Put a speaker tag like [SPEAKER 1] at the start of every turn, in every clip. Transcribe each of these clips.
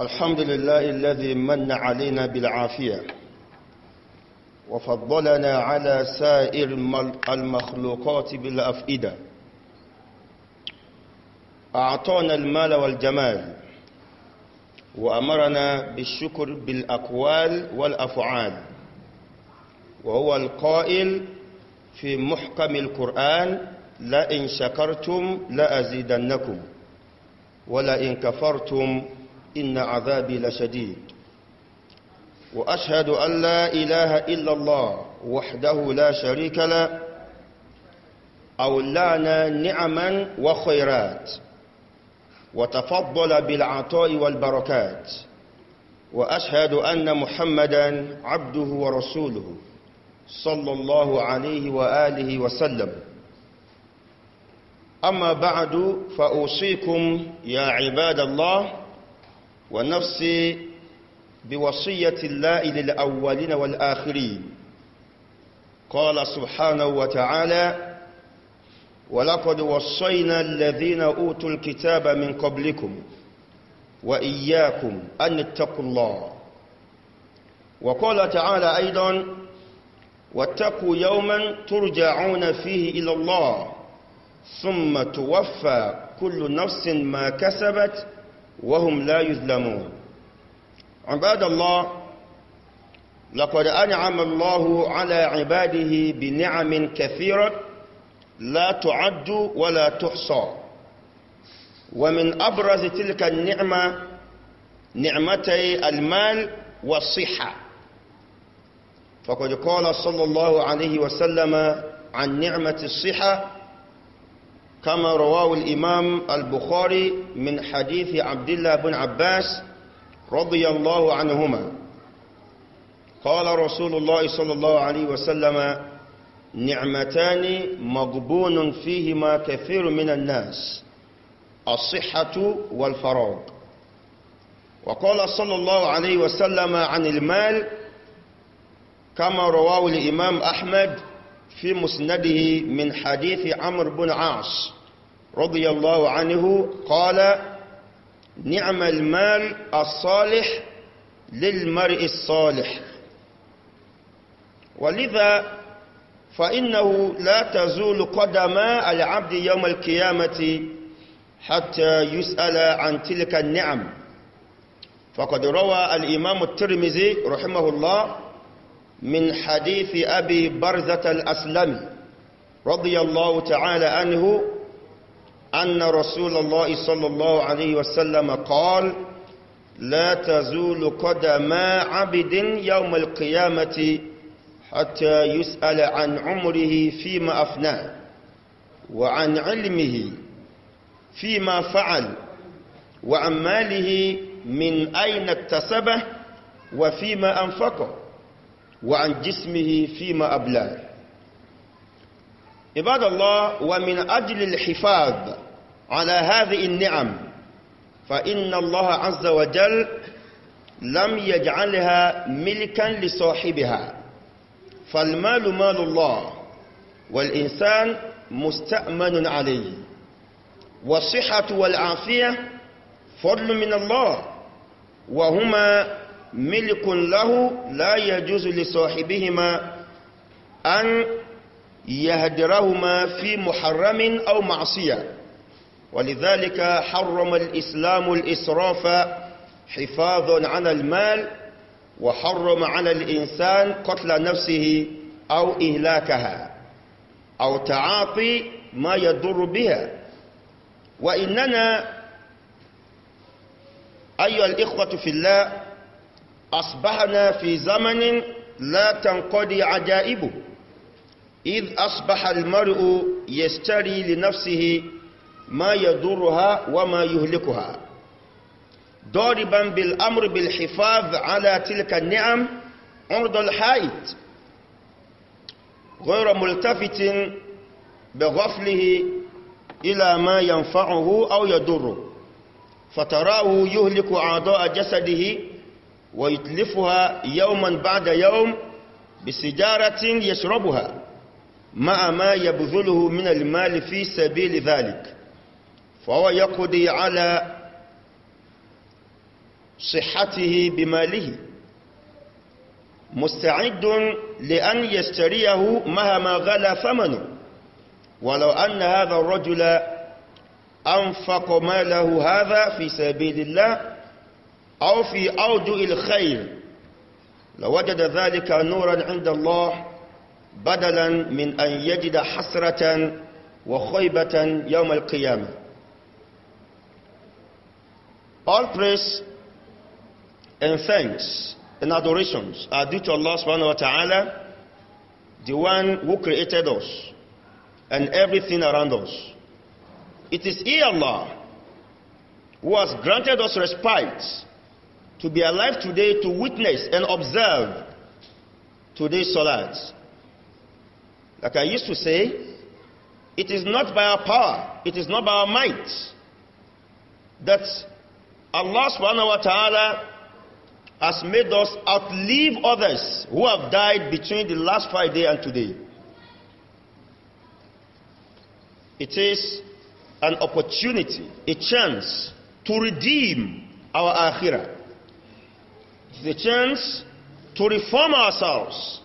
[SPEAKER 1] الحمد لله الذي من علينا بالعافية وفضلنا على سائر المخلوقات بالأفئدة أعطانا المال والجمال وأمرنا بالشكر بالأقوال والأفعال وهو القائل في محكم القرآن لئن شكرتم لأزيدنكم ولئن كفرتم إن عذابي لشديد وأشهد أن لا إله إلا الله وحده لا شريك له أولانا نعما وخيرات وتفضل بالعطاء والبركات وأشهد أن محمدا عبده ورسوله صلى الله عليه وآله وسلم أما بعد فأوصيكم يا عباد الله ونفسي بوصية الله للأولين والآخرين قال سبحانه وتعالى ولقد وصينا الذين أوتوا الكتاب من قبلكم وإياكم أن اتقوا الله وقال تعالى أيضا واتقوا يوما ترجعون فيه إلى الله ثم توفى كل نفس ما كسبت وهم لا يظلمون عباد الله لقد أنعم الله على عباده بنعم كثيرة لا تعد ولا تحصى ومن أبرز تلك النعمة نعمتي المال والصحة فقد قال صلى الله عليه وسلم عن نعمة الصحة كما رواه الإمام البخاري من حديث عبد الله بن عباس رضي الله عنهما قال رسول الله صلى الله عليه وسلم نعمتان مغبون فيهما كثير من الناس الصحة والفراغ وقال صلى الله عليه وسلم عن المال كما رواه الإمام أحمد في مسنده من حديث عمرو بن عاص رضي الله عنه قال نعم المال الصالح للمرء الصالح ولذا فإنه لا تزول قدما العبد يوم القيامة حتى يسأل عن تلك النعم فقد روى الإمام الترمذي رحمه الله من حديث أبي برزة الأسلمي رضي الله تعالى عنه أن رسول الله صلى الله عليه وسلم قال لا تزول قدم عبد يوم القيامة حتى يسأل عن عمره فيما أفناه وعن علمه فيما فعل وعن ماله من أين اكتسبه وفيما أنفقه وعن جسمه فيما أبلا عباد الله ومن أجل الحفاظ على هذه النعم فإن الله عز وجل لم يجعلها ملكا لصاحبها فالمال مال الله والإنسان مستأمن عليه والصحة والعافية فضل من الله وهما ملك له لا يجوز لصاحبهما أن يهدرهما في محرم أو معصية ولذلك حرم الإسلام الإسراف حفاظا على المال وحرم على الإنسان قتل نفسه أو إهلاكها أو تعاطي ما يضر بها وإننا أيها الإخوة في الله أصبحنا في زمن لا تنقضي عجائبه إذ أصبح المرء يشتري لنفسه ما يضرها وما يهلكها ضاربا بالأمر بالحفاظ على تلك النعم عرض الحائط غير ملتفت بغفله إلى ما ينفعه أو يضره فتراه يهلك أعضاء جسده ويتلفها يوما بعد يوم بسجارة يشربها مع ما يبذله من المال في سبيل ذلك فهو يقضي على صحته بماله مستعد لأن يشتريه مهما غلا ثمنه ولو أن هذا الرجل أنفق ماله هذا في سبيل الله أو في أوجه الخير لوجد ذلك نورا عند الله بدلا من أن يجد حسرة وخيبة يوم القيامة All praise and thanks and adorations are due to Allah subhanahu wa ta'ala, the one who created us and everything around us. It is He Allah who has granted us respite to be alive today to witness and observe today's salat. Like I used to say, it is not by our power, it is not by our might that Allah subhanahu wa ta'ala has made us outlive others who have died between the last Friday and today. It is an opportunity, a chance to redeem our akhirah. the chance to reform ourselves,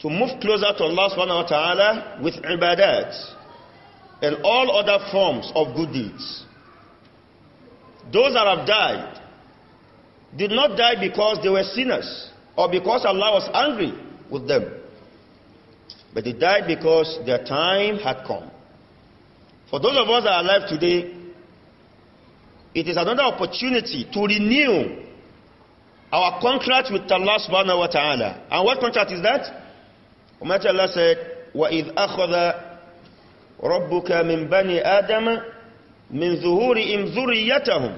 [SPEAKER 1] to move closer to Allah subhanahu wa ta'ala with ibadat and all other forms of good deeds. Those that have died did not die because they were sinners or because Allah was angry with them, but they died because their time had come. For those of us that are alive today, it is another opportunity to renew our contract with Allah subhanahu wa ta'ala. And what contract is that? Almighty Allah said, وَإِذْ أَخَذَ رَبُّكَ مِنْ بَنِي آدَمَ مِنْ ذُهُورِهِمْ ذُرِّيَّتَهُمْ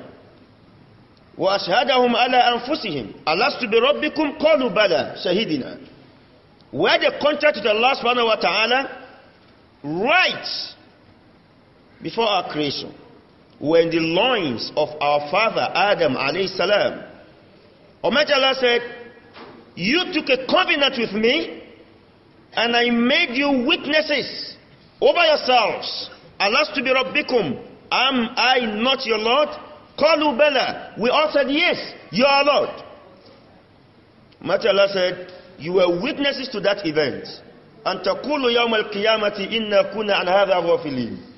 [SPEAKER 1] وَأَشْهَدَهُمْ عَلَىٰ أَنفُسِهِمْ أَلَسْتُ بِرَبِّكُمْ قَالُوا بَلَىٰ شَهِدْنَا Where the contract with Allah subhanahu wa ta'ala right before our creation were in the loins of our father Adam alayhi salam. Almighty said, You took a covenant with me, and I made you witnesses over yourselves. Alas to be Rabbikum, am I not your Lord? Kalu Bala. We all said, Yes, you are Lord. Almighty Allah said, You were witnesses to that event. And Takulu Yamal القيامة إنا كنا عن هذا غافلين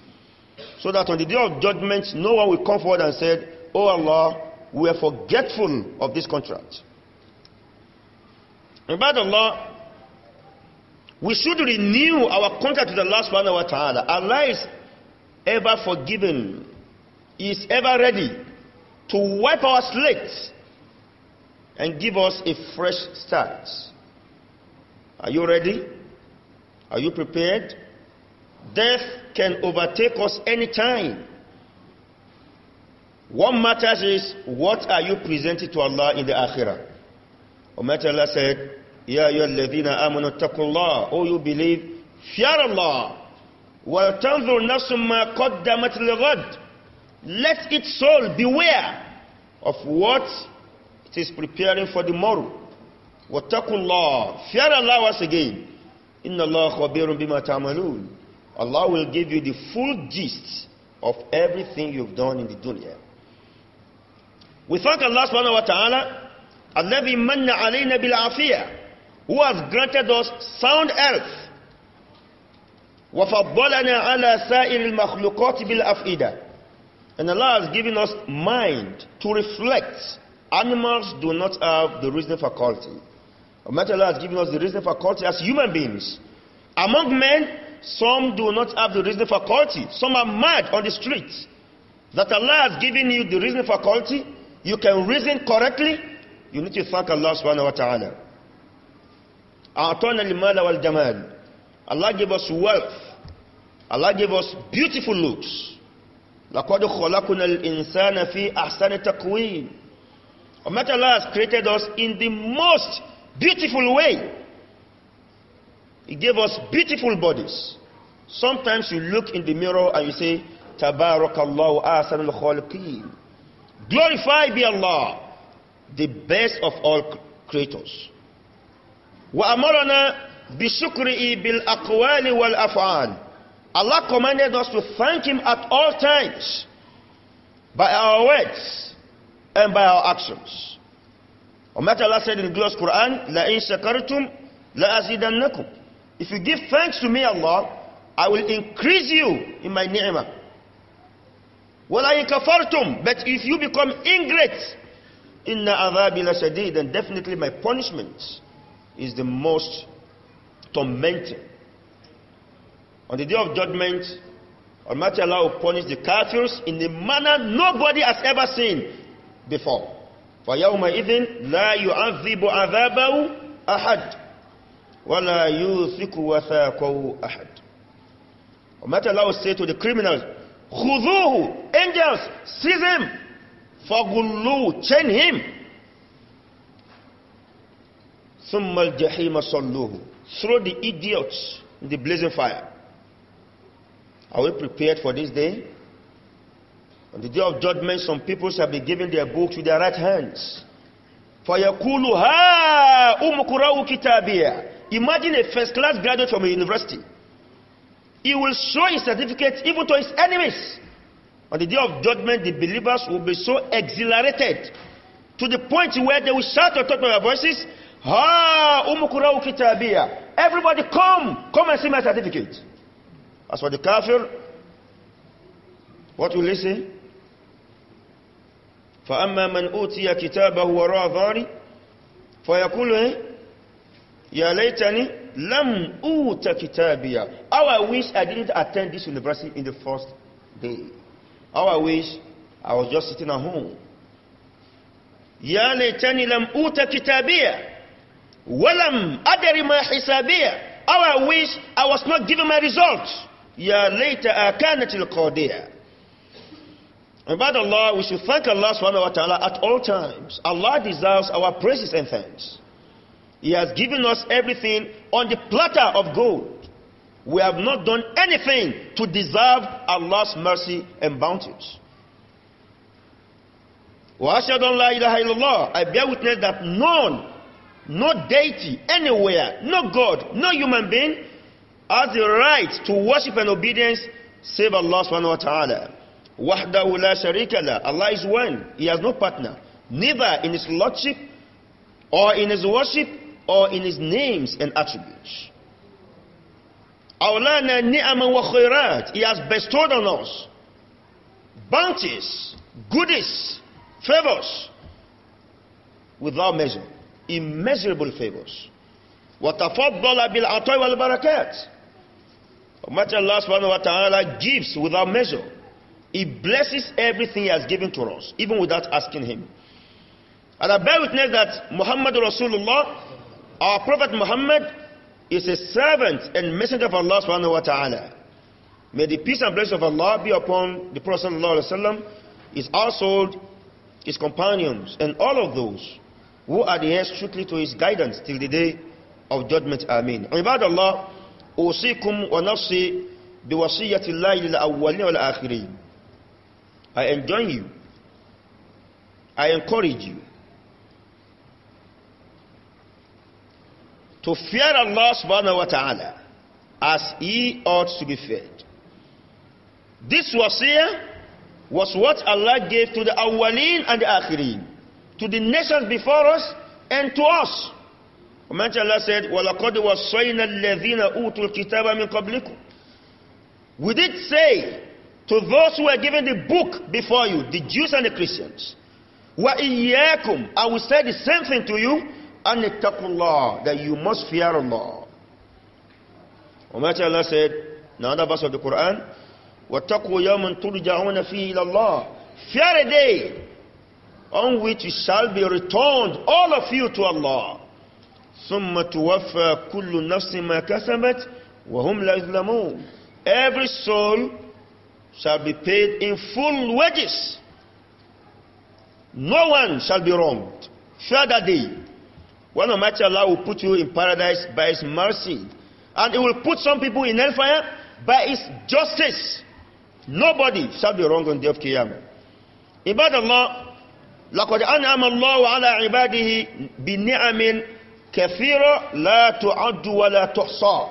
[SPEAKER 1] so that on the day of judgment, no one will come forward and say, Oh Allah, we are forgetful of this contract. And by the law, we should renew our contract with Allah subhanahu wa ta'ala. Allah is ever forgiving, He is ever ready to wipe our slate and give us a fresh start. Are you ready? Are you prepared? Death can overtake us anytime. What matters is what are you presenting to Allah in the Akhirah. Umat Allah said, Ya ayyuhalladhina amanu taqullah. Oh, you believe, fear Allah. Wal tanzur nafsum maqad damatul lighad. Let its soul beware of what it is preparing for tomorrow. Wa taqullah. Fear Allah once again. Inna Allah khabirun bima ta'malun. Allah will give you the full gist of everything you've done in the dunya. We thank Allah subhanahu wa ta'ala, Allah manna مَنَّ bil بِالْعَافِيَةِ Who has granted us sound health. wa وَفَضَّلَنَا عَلَى سَائِرِ bil afida, And Allah has given us mind to reflect. Animals do not have the reasoning faculty. Almighty Allah has given us the reasoning faculty as human beings. Among men, Some do not have the reasoning faculty. Some are mad on the street. That Allah has given you the reasoning faculty. You can reason correctly. You need to thank Allah subhanahu wa ta'ala. أعطانا المال والجمال Allah gave us wealth. Allah gave us beautiful looks. لقد خلقنا الإنسان في أحسن تقويم. Almighty Allah has created us in the most beautiful way. He gave us beautiful bodies. Sometimes you look in the mirror and you say, Tabarakallahu asanul khalqeen. Glorify be Allah, the best of all creators. bil بشكره wal afan. Allah commanded us to thank Him at all times by our words and by our actions. Almighty Allah said in the glorious Quran, لَإِن شَكَرْتُمْ لَأَزِيدَنَّكُمْ if you give thanks to me, Allah, I will increase you in my ni'mah. But if you become ingrate, inna عَذَابِ لَشَدِيدٌ Then definitely my punishment is the most tormenting. On the day of judgment, Almighty Allah will punish the kafirs in a manner nobody has ever seen before. فَيَوْمَئِذٍ لَا يُعَذِّبُ عَذَابَهُ أَحَدٌ وَلَا يُوثِقُ وَثَاقَهُ أَحَدٌ Almighty Allah will say to the criminals, خُذُوهُ Angels, seize him! فَغُلُّوهُ Chain him! ثُمَّ الْجَحِيمَ صَلُّوهُ Throw the idiots in the blazing fire. Are we prepared for this day? On the day of judgment, some people shall be given their books with their right hands. فَيَقُولُ هَا أُمْ Imagine a first class graduate from a university. He will show his certificate even to his enemies. On the day of judgment, the believers will be so exhilarated to the point where they will shout at the top their voices, "Ha! umukurau kitabiya. Everybody come, come and see my certificate. As for the kafir, what will he say? فأما من أوتي كتابه وراء ظهري فيقول إيه Ya laytani lam uta kitabiya. How I wish I didn't attend this university in the first day. How I wish I was just sitting at home. Ya laytani lam uta kitabiya. Walam adri ma hisabiya. How I wish I was not given my results. Ya layta akanat al-qadiya. About Allah, we should thank Allah subhanahu wa ta'ala at all times. Allah deserves our praises and thanks. He has given us everything on the platter of gold. We have not done anything to deserve Allah's mercy and bounties. Wa أن لا إله إلا I bear witness that none no deity anywhere no God no human being has the right to worship and obedience save Allah subhanahu wa ta'ala وحده لا شريك له Allah is one he has no partner neither in his lordship or in his worship or in his names and attributes. Awlana wa khairat. He has bestowed on us bounties, goodies, favors without measure, immeasurable favors. وتفضل بالعطاء والبركات. Almighty Allah subhanahu wa ta'ala gives without measure. He blesses everything He has given to us, even without asking Him. And I bear witness that Muhammad Rasulullah our Prophet Muhammad is a servant and messenger of Allah subhanahu wa ta'ala. May the peace and blessing of Allah be upon the Prophet sallallahu his household, his companions, and all of those who adhere strictly to his guidance till the day of judgment. Ameen. عباد Allah, أوصيكم ونفسي بوصية الله للأولين والآخرين. I enjoin you. I encourage you to fear Allah subhanahu wa ta'ala as he ought to be feared. This was here, was what Allah gave to the awwaleen and the akhirin, to the nations before us and to us. Imagine Allah said, وَلَقَدْ وَصَّيْنَا الَّذِينَ أُوتُوا الْكِتَابَ مِنْ قَبْلِكُمْ We did say to those who were given the book before you, the Jews and the Christians, وَإِيَّاكُمْ I will say the same thing to you, that you must fear Allah Almighty Allah said in another verse of the Quran وَاتَّقُوا يَوْمًا تُرْجَعُونَ فِيهِ إِلَى Fear a day on which you shall be returned all of you to Allah ثُمَّ تُوَفَّى كُلُّ نَفْسٍ مَا كَسَبَتْ وَهُمْ Every soul shall be paid in full wages. No one shall be wronged. Fear that day. One Almighty Allah will put you in paradise by His mercy. And He will put some people in hellfire by His justice. Nobody shall be wrong on the day of Qiyamah. عباد الله لقد أنعم الله على عباده بنعم كثيرة لا تعد ولا تحصى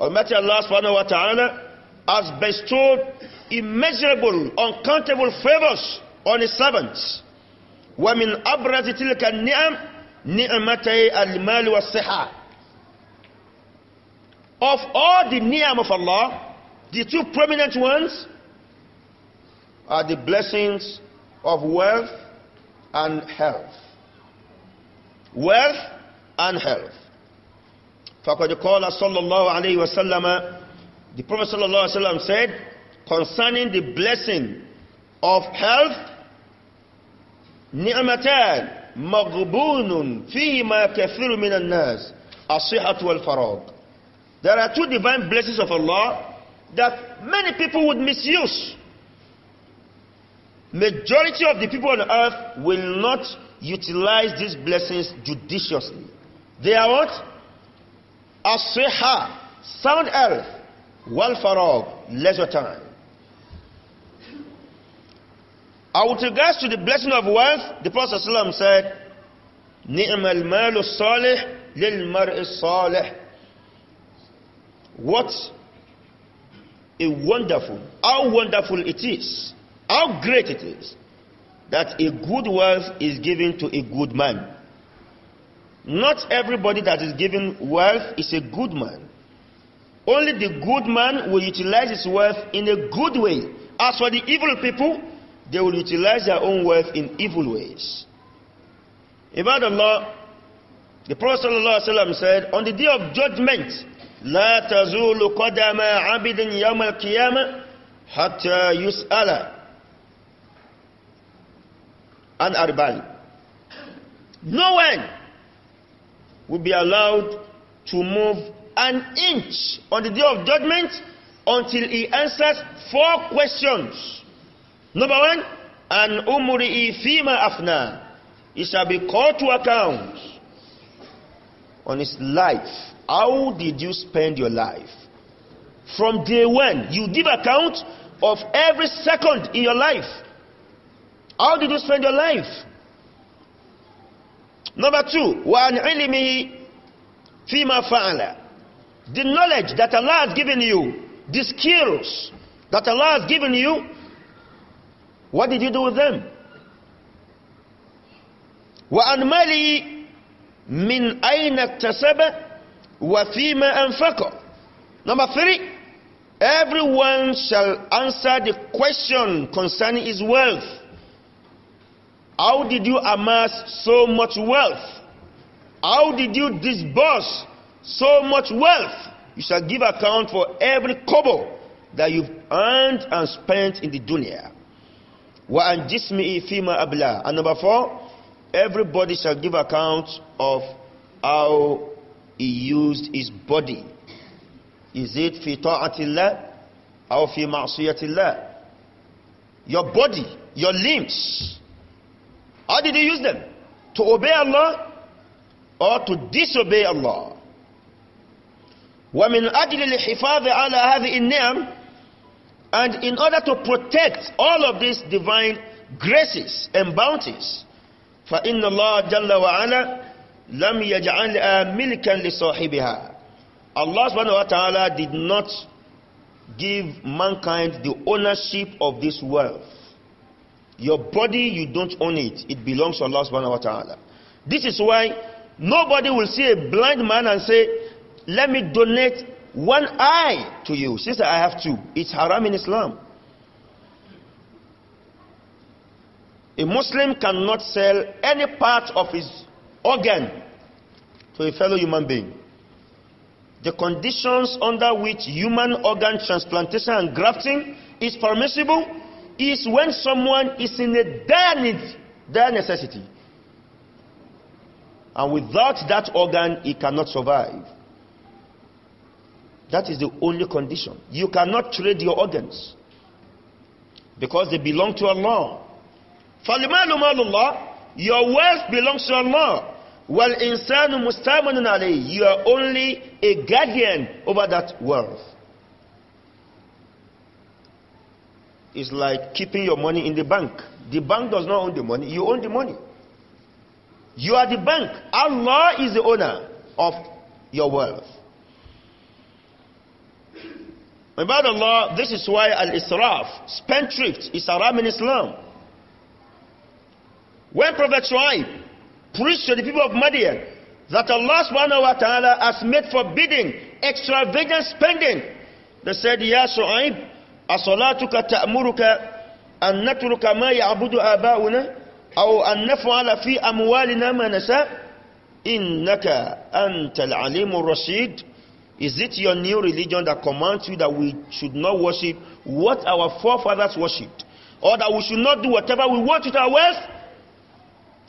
[SPEAKER 1] Almighty Allah subhanahu wa has bestowed immeasurable, uncountable favors on his servants. ومن أبرز تلك النعم ni'matay al-mal wa siha of all the ni'am of Allah the two prominent ones are the blessings of wealth and health wealth and health فقد قال صلى الله the prophet sallallahu alayhi عليه said concerning the blessing of health ni'matan مغبون فيما كثير من الناس الصحة والفراغ there are two divine blessings of Allah that many people would misuse majority of the people on earth will not utilize these blessings judiciously they are what as sound health welfare, leisure time or with regards to the blessing of wealth, the Prophet ﷺ said, نِعْمَ الْمَالُ الصَّالِحِ لِلْمَرْءِ الصَّالِحِ What a wonderful, how wonderful it is, how great it is that a good wealth is given to a good man. Not everybody that is given wealth is a good man. Only the good man will utilize his wealth in a good way. As for the evil people, they will utilize their own wealth in evil ways. Ibad Allah, the Prophet ﷺ said, On the day of judgment, لا تزول قدم عبد يوم القيامة حتى يسأل عن أربعين. No one will be allowed to move an inch on the day of judgment until he answers four questions. Number one, an umri fima afna. He shall be called to account on his life. How did you spend your life? From day one, you give account of every second in your life. How did you spend your life? Number two, wa an عِلِمِهِ فِيمَا فَعَلَ The knowledge that Allah has given you, the skills that Allah has given you, What did you do with them? وعن ماله من أين اكتسبه وفيما أنفقه Number three, everyone shall answer the question concerning his wealth. How did you amass so much wealth? How did you disburse so much wealth? You shall give account for every kobo that you've earned and spent in the dunya wa an jismi'i fima abla and number four everybody shall give account of how he used his body is it fi ta'atillah or fi ma'siyatillah your body your limbs how did you use them to obey Allah or to disobey Allah ومن أجل الحفاظ على هذه النعم and in order to protect all of these divine graces and bounties, فإن الله جل وعلا لم يجعل ملكا لصاحبها Allah subhanahu wa ta'ala did not give mankind the ownership of this wealth. Your body, you don't own it. It belongs to Allah subhanahu wa ta'ala. This is why nobody will see a blind man and say, let me donate one eye to you. Sister, I have two. It's haram in Islam. A Muslim cannot sell any part of his organ to a fellow human being. The conditions under which human organ transplantation and grafting is permissible is when someone is in a dire need, dire necessity. And without that organ, he cannot survive. That is the only condition. You cannot trade your organs because they belong to Allah. فَالْمَالُ مَالُ Allah, Your wealth belongs to Allah. While مُسْتَمَنٌ عَلَيْهِ You are only a guardian over that wealth. It's like keeping your money in the bank. The bank does not own the money. You own the money. You are the bank. Allah is the owner of your wealth the Allah, this is why al-israf, spendthrift, is haram in Islam. When Prophet Shuaib preached to the people of Madian that Allah subhanahu wa ta'ala has made forbidding extravagant spending, they said, Ya Shuaib, أصلاتك تأمرك أن نترك ما يعبد آباؤنا أو أن Fi Amwalina أموالنا ما نشاء إنك أنت العليم rasid Is it your new religion that commands you that we should not worship what our forefathers worshipped? Or that we should not do whatever we want with our wealth?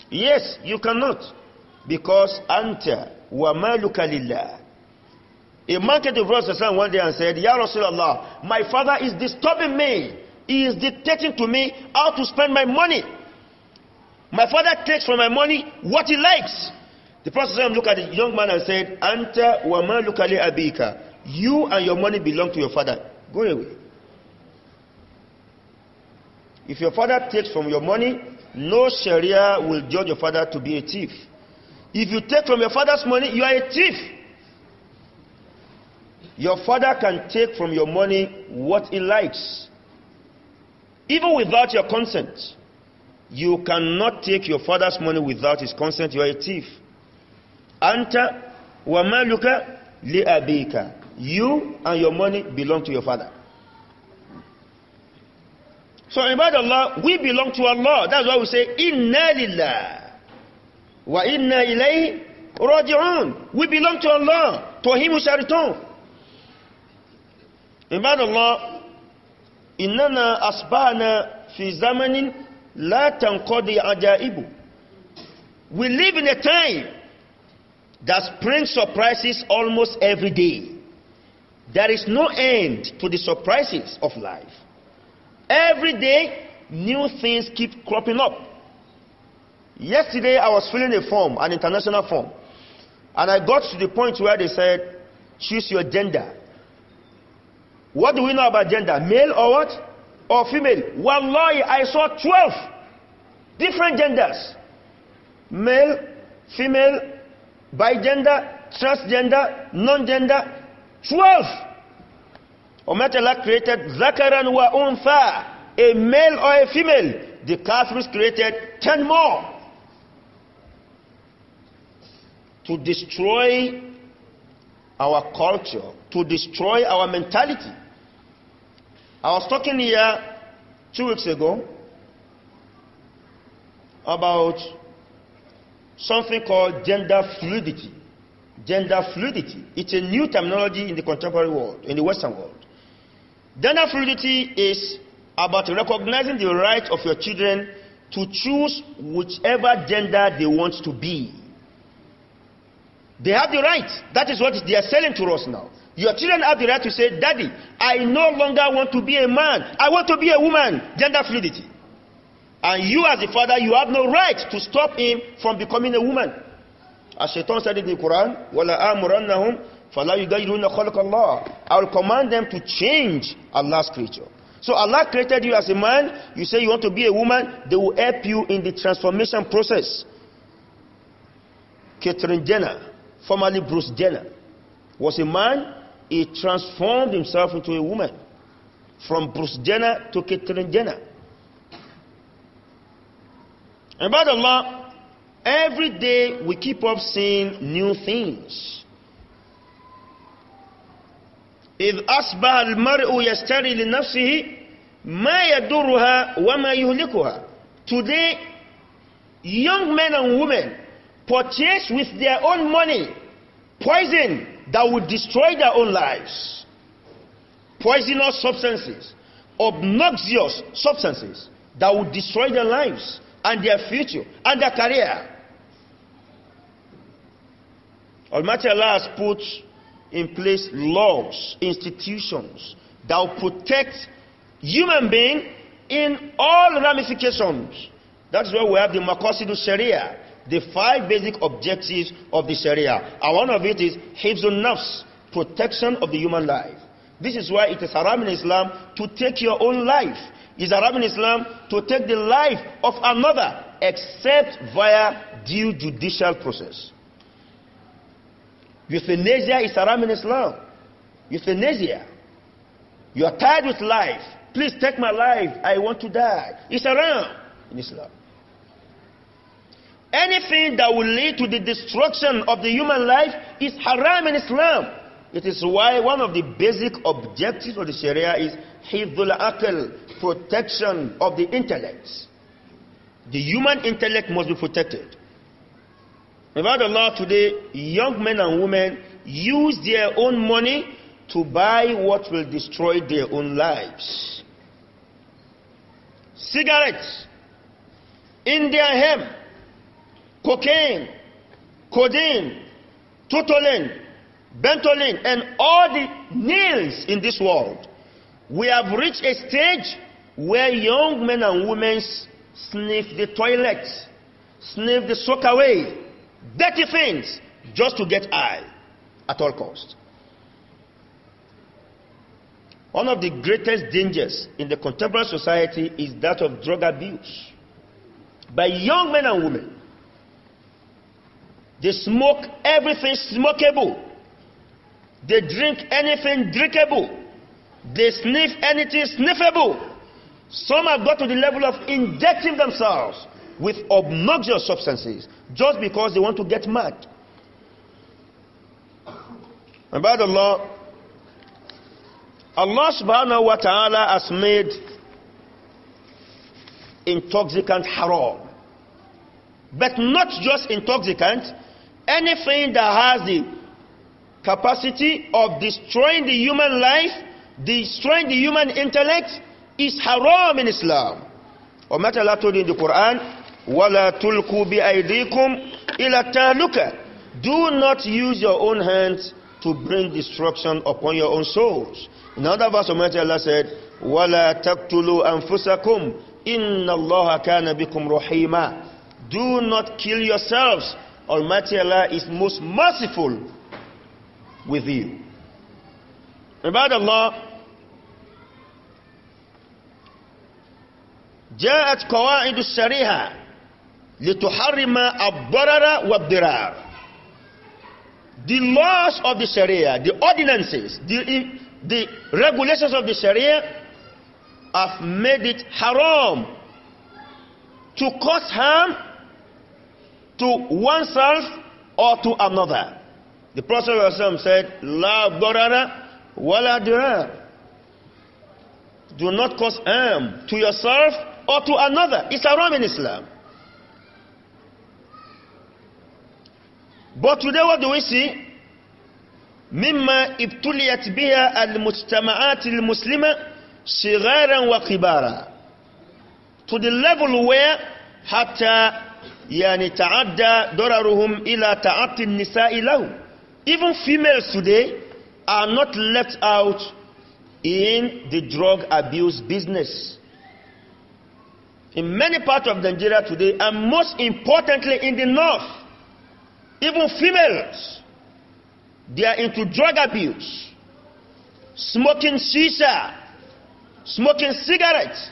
[SPEAKER 1] Yes, you cannot. Because anta wa A man came to Prophet one day and said, Ya Rasulallah, my father is disturbing me. He is dictating to me how to spend my money. My father takes from my money what he likes. The Prophet looked at the young man and said, Anta wa abika. You and your money belong to your father. Go away. If your father takes from your money, no Sharia will judge your father to be a thief. If you take from your father's money, you are a thief. Your father can take from your money what he likes. Even without your consent, you cannot take your father's money without his consent. You are a thief. Anta wa maluka li abika. You and your money belong to your father. So Allah, we belong to Allah. That's why we say, Inna lillah wa inna ilayhi raji'un. We belong to Allah. To Him we shall return. Ibadallah, إننا أصبحنا fi zamanin la تنقضي عجائبه. We live in a time that brings surprises almost every day. There is no end to the surprises of life. Every day, new things keep cropping up. Yesterday, I was filling a form, an international form, and I got to the point where they said, Choose your gender. What do we know about gender? Male or what? Or female? Wallahi, I saw 12 different genders male, female, by gender, transgender, non-gender. Twelve. Omatala created Zakaran wa Unfa, a male or a female. The Catholics created ten more to destroy our culture, to destroy our mentality. I was talking here two weeks ago about something called gender fluidity. Gender fluidity. It's a new terminology in the contemporary world, in the Western world. Gender fluidity is about recognizing the right of your children to choose whichever gender they want to be. They have the right. That is what they are selling to us now. Your children have the right to say, Daddy, I no longer want to be a man. I want to be a woman. Gender fluidity. And you, as the father, you have no right to stop him from becoming a woman. As Shaitan said in the Quran, وَلَا أَمُرَنَّهُمْ فَلَا يُغَيِّرُونَ خَلْقَ اللَّهِ I will command them to change Allah's creature. So Allah created you as a man, you say you want to be a woman, they will help you in the transformation process. Catherine Jenner, formerly Bruce Jenner, was a man, he transformed himself into a woman. From Bruce Jenner to Catherine Jenner. And by the law, every day we keep up seeing new things. إذ أصبح المرء يشتري لنفسه ما يضرها وما يهلكها Today, young men and women purchase with their own money poison that will destroy their own lives, poisonous substances, obnoxious substances that will destroy their lives. and their future and their career. Almighty Allah has put in place laws, institutions that will protect human being in all ramifications. That's where we have the Makasidu Sharia, the five basic objectives of the Sharia. And one of it is Hibzun Nafs, protection of the human life. This is why it is haram in Islam to take your own life. is haram in Islam to take the life of another except via due judicial process. Euthanasia is haram in Islam. Euthanasia. You are tired with life. Please take my life. I want to die. It's haram in Islam. Anything that will lead to the destruction of the human life is haram in Islam. It is why one of the basic objectives of the Sharia is Hifdul Aql, protection of the intellect. The human intellect must be protected. About Allah today, young men and women use their own money to buy what will destroy their own lives. Cigarettes, Indian hemp, cocaine, codeine, totolin, bentolin, and all the nails in this world we have reached a stage where young men and women sniff the toilets, sniff the soak away, dirty things, just to get high at all costs. One of the greatest dangers in the contemporary society is that of drug abuse by young men and women. They smoke everything smokable, they drink anything drinkable. They sniff anything sniffable. Some have got to the level of injecting themselves with obnoxious substances just because they want to get mad. And by the law, Allah subhanahu wa ta'ala has made intoxicant haram. But not just intoxicant, anything that has the capacity of destroying the human life destroying the human intellect is haram in Islam. Or matter Allah in the Quran, وَلَا تُلْقُوا بِأَيْدِيكُمْ إِلَى تَعْلُكَ Do not use your own hands to bring destruction upon your own souls. Another verse of matter Allah said, وَلَا تَقْتُلُوا أَنفُسَكُمْ إِنَّ اللَّهَ كَانَ بِكُمْ رَحِيمًا Do not kill yourselves. Almighty Allah is most merciful with you. عباد الله جاءت قواعد الشريعة لتحرم الضرر والضرار the laws of the Sharia, the ordinances, the, the regulations of the Sharia have made it haram to cause harm to oneself or to another. The Prophet said, La barara wala dirar. Do not cause harm to yourself or to another. It's a wrong in Islam. But today what do we see? مما ابتليت بها المجتمعات المسلمة صغارا وكبارا to the level where حتى يعني ta'adda ضررهم ila تعاطي nisa له even females today are not left out in the drug abuse business. In many parts of Nigeria today, and most importantly in the north, even females, they are into drug abuse, smoking shisha, smoking cigarettes,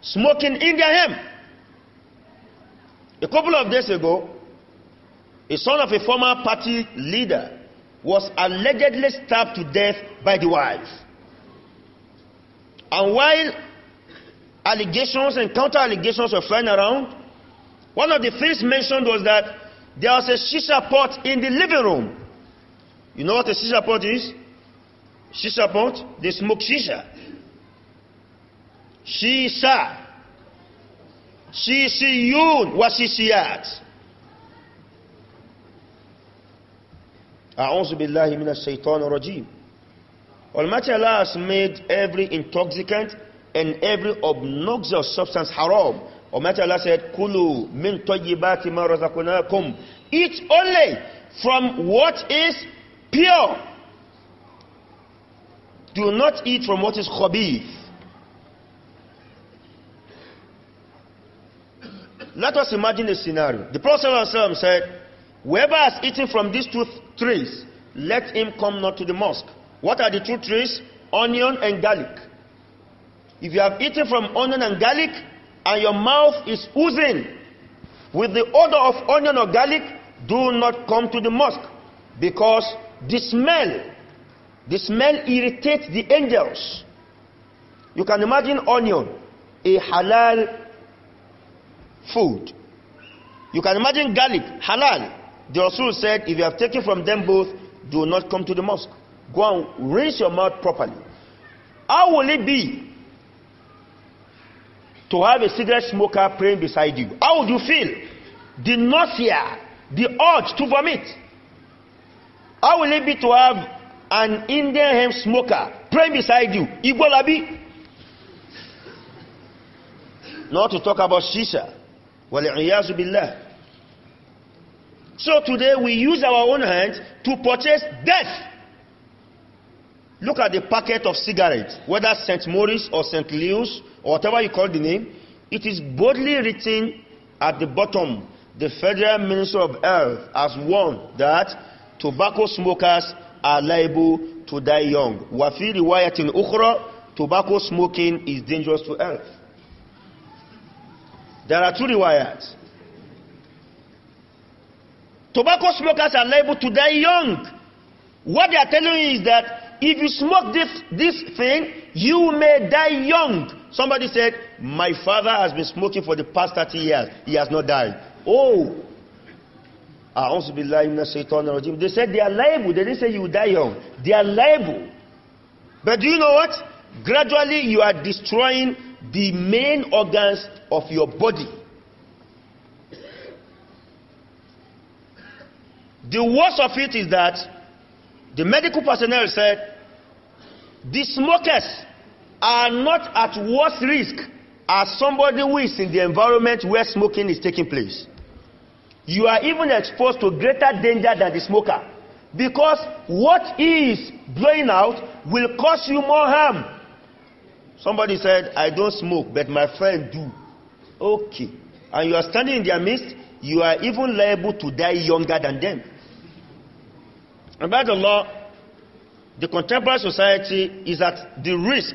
[SPEAKER 1] smoking India hemp. A couple of days ago, a son of a former party leader was allegedly stabbed to death by the wife. And while allegations and counter allegations were flying around, one of the things mentioned was that there was a shisha pot in the living room. You know what a shisha pot is? Shisha pot, they smoke shisha. Shisha. Shishiyun wa shishiyat. أعوذ بالله من الشيطان الرجيم Almighty Allah has made every intoxicant and every obnoxious substance haram Almighty Allah said kulu min tayyibati ma razaqnakum eat only from what is pure do not eat from what is khabith let us imagine a scenario the prophet said Whoever has eaten from these two trees, let him come not to the mosque. What are the two trees? Onion and garlic. If you have eaten from onion and garlic, and your mouth is oozing with the odor of onion or garlic, do not come to the mosque because the smell, the smell irritates the angels. You can imagine onion, a halal food. You can imagine garlic, halal. The Rasul said, If you have taken from them both, do not come to the mosque. Go and rinse your mouth properly. How will it be to have a cigarette smoker praying beside you? How would you feel? The nausea, the urge to vomit. How will it be to have an Indian hemp smoker praying beside you? Igbolabi. Not to talk about shisha. Wal billah. So today we use our own hands to purchase death. Look at the packet of cigarettes, whether St. Maurice or St. Louis or whatever you call the name. It is boldly written at the bottom. The Federal Minister of Health has warned that tobacco smokers are liable to die young. Wafi in ukhra, tobacco smoking is dangerous to health. There are two riwayats. Tobacco smokers are liable to die young. What they are telling you is that if you smoke this, this thing, you may die young. Somebody said, My father has been smoking for the past 30 years. He has not died. Oh, I also be lying. they said they are liable. They didn't say you will die young. They are liable. But do you know what? Gradually, you are destroying the main organs of your body. The worst of it is that the medical personnel said the smokers are not at worst risk as somebody who is in the environment where smoking is taking place. You are even exposed to greater danger than the smoker because what he is blowing out will cause you more harm. Somebody said, I don't smoke, but my friend do. Okay. And you are standing in their midst, you are even liable to die younger than them. And by the law, the contemporary society is at the risk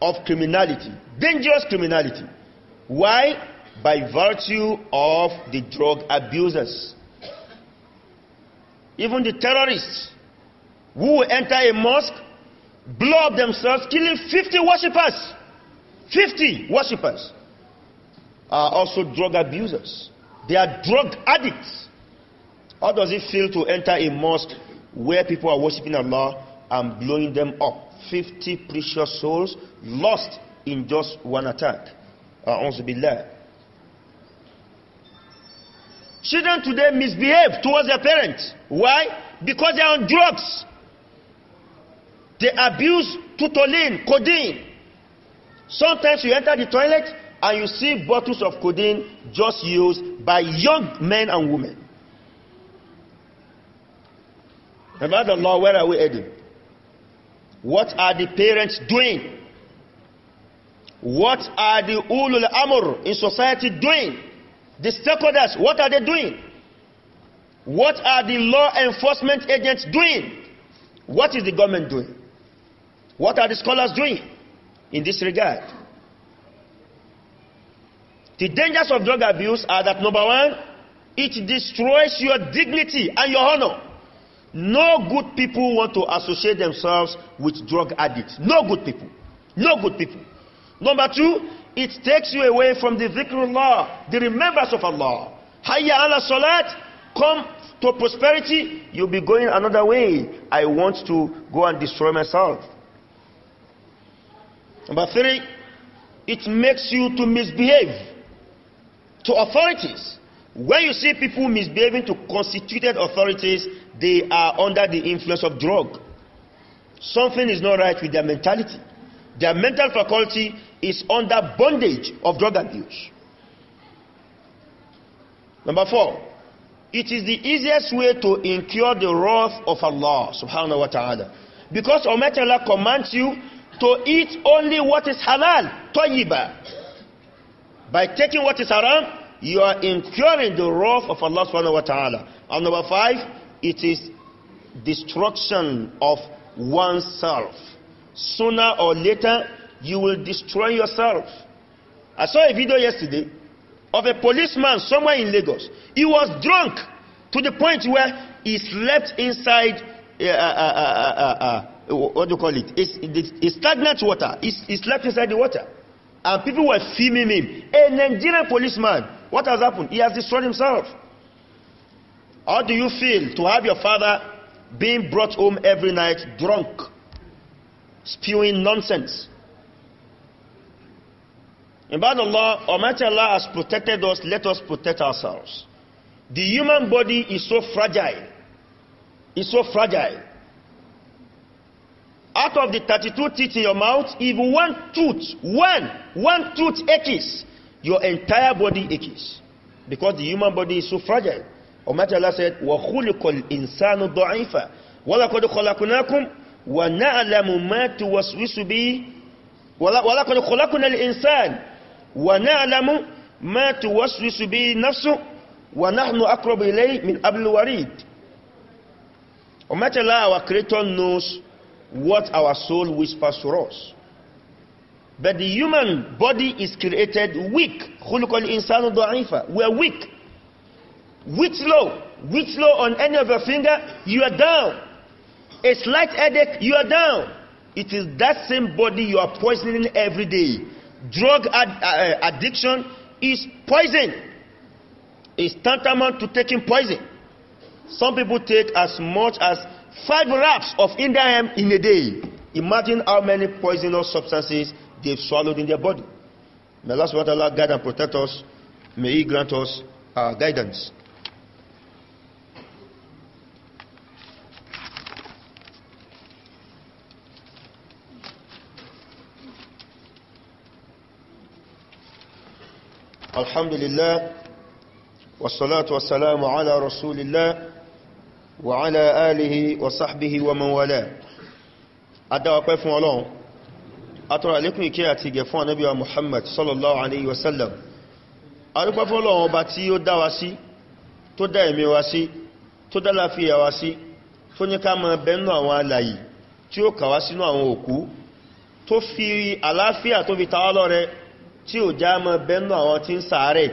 [SPEAKER 1] of criminality, dangerous criminality. Why? By virtue of the drug abusers. Even the terrorists who enter a mosque, blow up themselves, killing 50 worshippers. 50 worshippers are also drug abusers. They are drug addicts. How does it feel to enter a mosque where people are worshiping Allah and blowing them up. 50 precious souls lost in just one attack. A'udzubillah. Children today misbehave towards their parents. Why? Because they are on drugs. They abuse tutoline, codeine. Sometimes you enter the toilet and you see bottles of codeine just used by young men and women. Ibadallah, where are we heading? What are the parents doing? What are the ulul amr in society doing? The stakeholders, what are they doing? What are the law enforcement agents doing? What is the government doing? What are the scholars doing in this regard? The dangers of drug abuse are that number one, it destroys your dignity and your honor. No good people want to associate themselves with drug addicts. No good people. No good people. Number two, it takes you away from the of Allah, the remembrance of Allah. Hayya ala salat, come to prosperity, you'll be going another way. I want to go and destroy myself. Number three, it makes you to misbehave to authorities. When you see people misbehaving to constituted authorities, they are under the influence of drug. Something is not right with their mentality. Their mental faculty is under bondage of drug abuse. Number four, it is the easiest way to incur the wrath of Allah subhanahu wa ta'ala. Because Almighty Allah commands you to eat only what is halal, toyiba. By taking what is haram, you are incurring the wrath of Allah subhanahu wa ta'ala. And number five, it is destruction of oneself. Sooner or later, you will destroy yourself. I saw a video yesterday of a policeman somewhere in Lagos. He was drunk to the point where he slept inside, uh, uh, uh, what do you call it? It's, stagnant water. he slept inside the water. And people were filming him. A Nigerian policeman, what has happened? He has destroyed himself. How do you feel to have your father being brought home every night drunk, spewing nonsense? About Allah, Almighty Allah has protected us, let us protect ourselves. The human body is so fragile. It's so fragile. Out of the 32 teeth in your mouth, if one tooth, one, one tooth aches, your entire body aches. Because the human body is so fragile. Almighty Allah said, وَخُلِقَ الْإِنسَانُ ضَعِيفًا وَلَقَدْ خَلَقْنَاكُمْ وَنَعْلَمُ مَا تُوَسْوِسُ بِهِ وَلَقَدْ خَلَقْنَا الْإِنسَانَ وَنَعْلَمُ مَا تُوَسْوِسُ بِهِ نَفْسُهُ وَنَحْنُ أَقْرَبُ إِلَيْهِ مِنْ حَبْلِ الْوَرِيدِ Almighty Allah, our Creator, knows what our soul whispers to us. But the human body is created weak. خُلِقَ الْإِنسَانُ ضَعِيفًا We are weak. Which low? Which low on any of your finger? You are down. A slight headache, you are down. It is that same body you are poisoning every day. Drug ad uh, uh addiction is poison. It's tantamount to taking poison. Some people take as much as five wraps of indium in a day. Imagine how many poisonous substances they've swallowed in their body. May Allah SWT guide and protect us. May He grant us uh, guidance. الحمد لله والصلاة والسلام على رسول الله وعلى آله وصحبه ومن والاه adáwọ̀pẹ́ fún ọlọ́run atọ́rọ̀ alékún ìkẹ́ àti ìgẹ̀ fún anábíwa muhammad sallallahu alaihi wasallam arúgbá fún ọlọ́run ọba tí ó dá wa sí tó dá ẹ̀mí wa sí tó dá láfíà wa sí tó ní ká mọ bẹ́nu àwọn alàyè tí ó kà sínú àwọn òkú tó fi àlàáfíà tó fi tawá lọ́rẹ tí ò já mọ́ bẹ́nu àwọn tí ń sàárẹ̀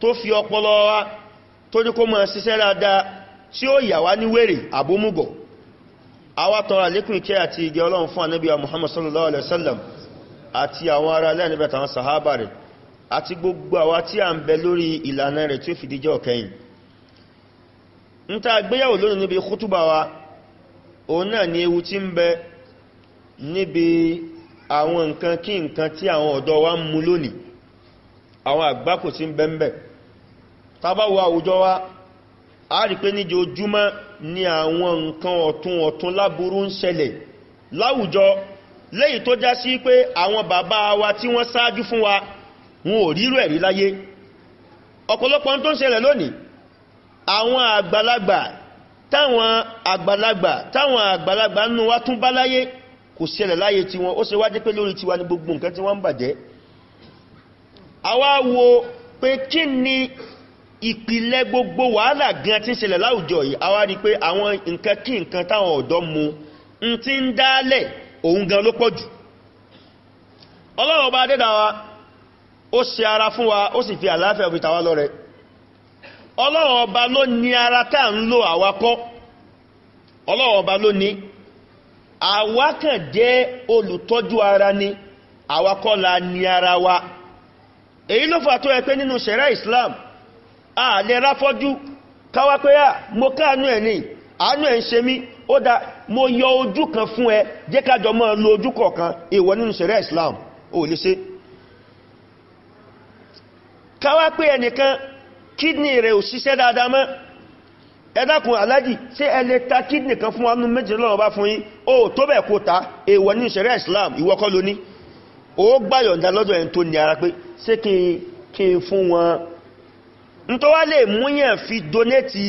[SPEAKER 1] tó fi ọpọlọ wa tó ní kó mọ́ ṣiṣẹ́ dáadáa tí ó yà wá ní wèrè àbómúgọ̀ àwa tọrọ àlékún àti ìgẹ́ ọlọ́run fún anábì muhammad sallallahu alaihi wasallam àti àwọn ará lẹ́nibẹ̀ tàwọn sàhábà rẹ̀ àti gbogbo àwa tí à ń bẹ lórí ìlànà rẹ̀ tí ó fi díjọ́ kẹyìn ni ewu níbi àwọn nǹkan kí nǹkan tí àwọn ọ̀dọ́ wa ń mú lónìí àwọn àgbákò sí ń bẹ́m̀bẹ̀ tàbáwọ àwùjọ wa a rí pé níjẹ ojúmọ́ ni àwọn nǹkan ọ̀tún ọ̀tún láburú ń ṣẹlẹ̀ láwùjọ léyìí tó já sí pé àwọn bàbá wa tí wọ́n sáájú fún wa wọn ò rírò ẹ̀rí láyé ọ̀pọ̀lọpọ̀ tó ń ṣẹlẹ̀ lónìí àwọn àgbàlagbà táwọn àgbàlagbà táwọn àgbàlagbà nínú wa tún bá láyé kò sẹlẹ̀ láyé tí wọ́n ó ṣe wá jẹ́ pé lórí tiwa ní gbogbo nǹkan tí wọ́n ń bàjẹ́ àwa wo pé kí ni ìpìlẹ̀ gbogbo wàhálà gan tí ń sẹlẹ̀ láwùjọ yìí àwa rí i pé àwọn nǹkan kí nǹkan táwọn ọ̀dọ́ mu ń ti ń dálẹ̀ òun gan ló pọ̀ jù ọlọ́run ọba adẹ́dà wa ó se ara fún wa ó sì fi àlàáfíà fi tàwa rẹ ọlọ́run ọba ló ní ara tá à ń lò àwa kọ́ ọlọ́run ọba ló ní àwa kàn jẹ́ olùtọ́jú ara ni àwa kọ́ la ni ara wa èyí ló fà tó ẹ pé nínú sẹ̀rẹ́ islam a lè ráfọ́jú káwá pé à mo káànú ẹ̀ ní àánú ẹ̀ ń ṣe mí ó dá mo yọ ojú kan fún ẹ jẹ́ kájọ mọ́ lo ojú kọ̀ọ̀kan èèwọ̀ nínú sẹ̀rẹ́ islam o lè ṣe káwá pé ẹnìkan kídìní rẹ̀ ò ṣiṣẹ́ dáadáa mọ́ ẹ̀dàkùn alájì ṣé ẹ lè ta kidney kan fún anú méjì lọ́rọ̀ bá fún yín o tó bẹ̀ kó ta èèwọ̀ ní ìṣẹ̀rẹ́ islam ìwọ kọ́ ló ní o gbàyọ̀ǹda lọ́dọ̀ ẹni tó ní ara pé ṣé kí n fún wọn n tó wá lè mú yàn fi donate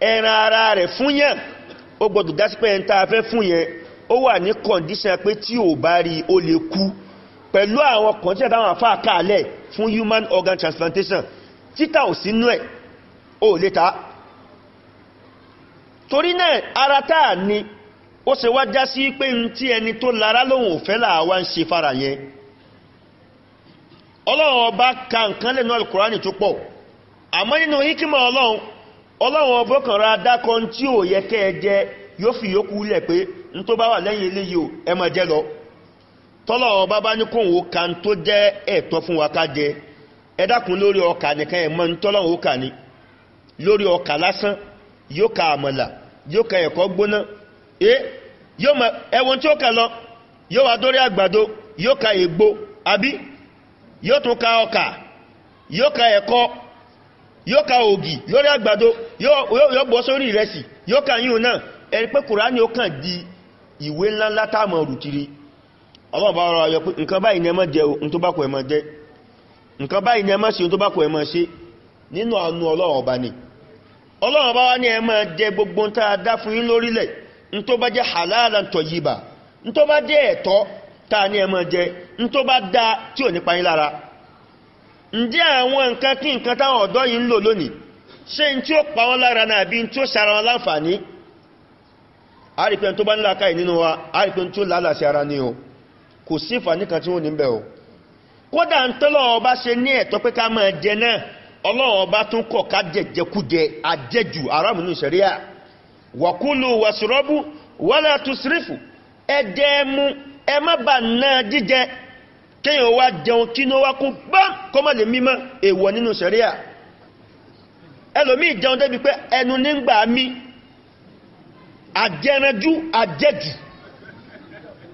[SPEAKER 1] ẹran ara rẹ̀ fún yàn ó gbọ́dọ̀ dá sí pé ẹni tá fún yẹn ó wà ní condition pé tí ò bá rí ó lè kú pẹ̀lú àwọn condition táwọn afá kàálẹ̀ fún human organ transplantation títà ò sínú ẹ̀ ó lè ta torí náà ara tá a ní ó ṣe wá já sí pé n tí ẹni tó lára lòun ò fẹ́ là wá ń ṣe fara yẹn ọlọ́run ọba ka nǹkan lẹ́nu alukurani tó pọ̀ àmọ́ nínú hikimọ̀ ọlọ́run ọlọ́run ọba kan ra dákọ́ tí ò yẹ kẹ́ ẹ jẹ yóò fi yókù lẹ̀ pé n tó bá wà lẹ́yìn eléyìí o ẹ máa jẹ lọ tọ́lọ̀ ọba bá ní kóhùn ka n tó jẹ́ ẹ̀tọ́ fún wa ká jẹ ẹ dákun lórí ọkà nìkan ẹ̀ mọ́ ní tọ́lọ́run ó kà lórí ọkà lásán yóò ka àmàlà yóò ka ẹ̀kọ́ gbóná ẹwọ́n tí ó kà lọ yóò wá dórí àgbàdo yóò ka àbí yóò tún ka ọkà yóò ka ẹ̀kọ́ yóò ka ògì lórí àgbàdo yóò bọ́ sórí ìrẹsì yóò ka yíò náà ẹni pé kùránì ó kàn di ìwé ńláńlá táàmù ọ̀rù kiri ọlọ́run bá rọra yọ pé nǹkan báyìí ni ẹ má jẹ tó bá kọ ẹ má jẹ nǹkan báyìí ni ẹ má ṣe tó bá kọ ẹ má ṣe nínú àánú ọlọ́run ọba ni ọlọ́run bá wá ní ẹ máa jẹ gbogbo tá a dá fún yín lórílẹ̀ ntó bá ntọ halalan tọ̀yìbà ntó bá jẹ́ tá a ní ẹ máa jẹ ntó bá tí ò ní pa yín lára ǹjẹ́ àwọn nǹkan kí nǹkan táwọn ọ̀dọ́ yìí ń lò lónìí ṣé n tí ó pa wọn lára ṣe ní ẹ̀tọ́ pé ká máa jẹ ọlọ́run ọba tún kọ̀ ká jẹjẹkújẹ àjẹjù aráàmù ní ìṣẹ̀ríà wọ̀kúlù wọ̀sùrọ́bù wọ́lá tùsírífù ẹ̀jẹ̀ mu ẹ má bà náà jíjẹ kéèyàn wá jẹun kí ní ó wá kún bá kọ́ má lè mímọ́ èèwọ̀ nínú ìṣẹ̀ríà ẹlòmíì jẹun débi pé ẹnu nígbà mí àjẹranjú àjẹjù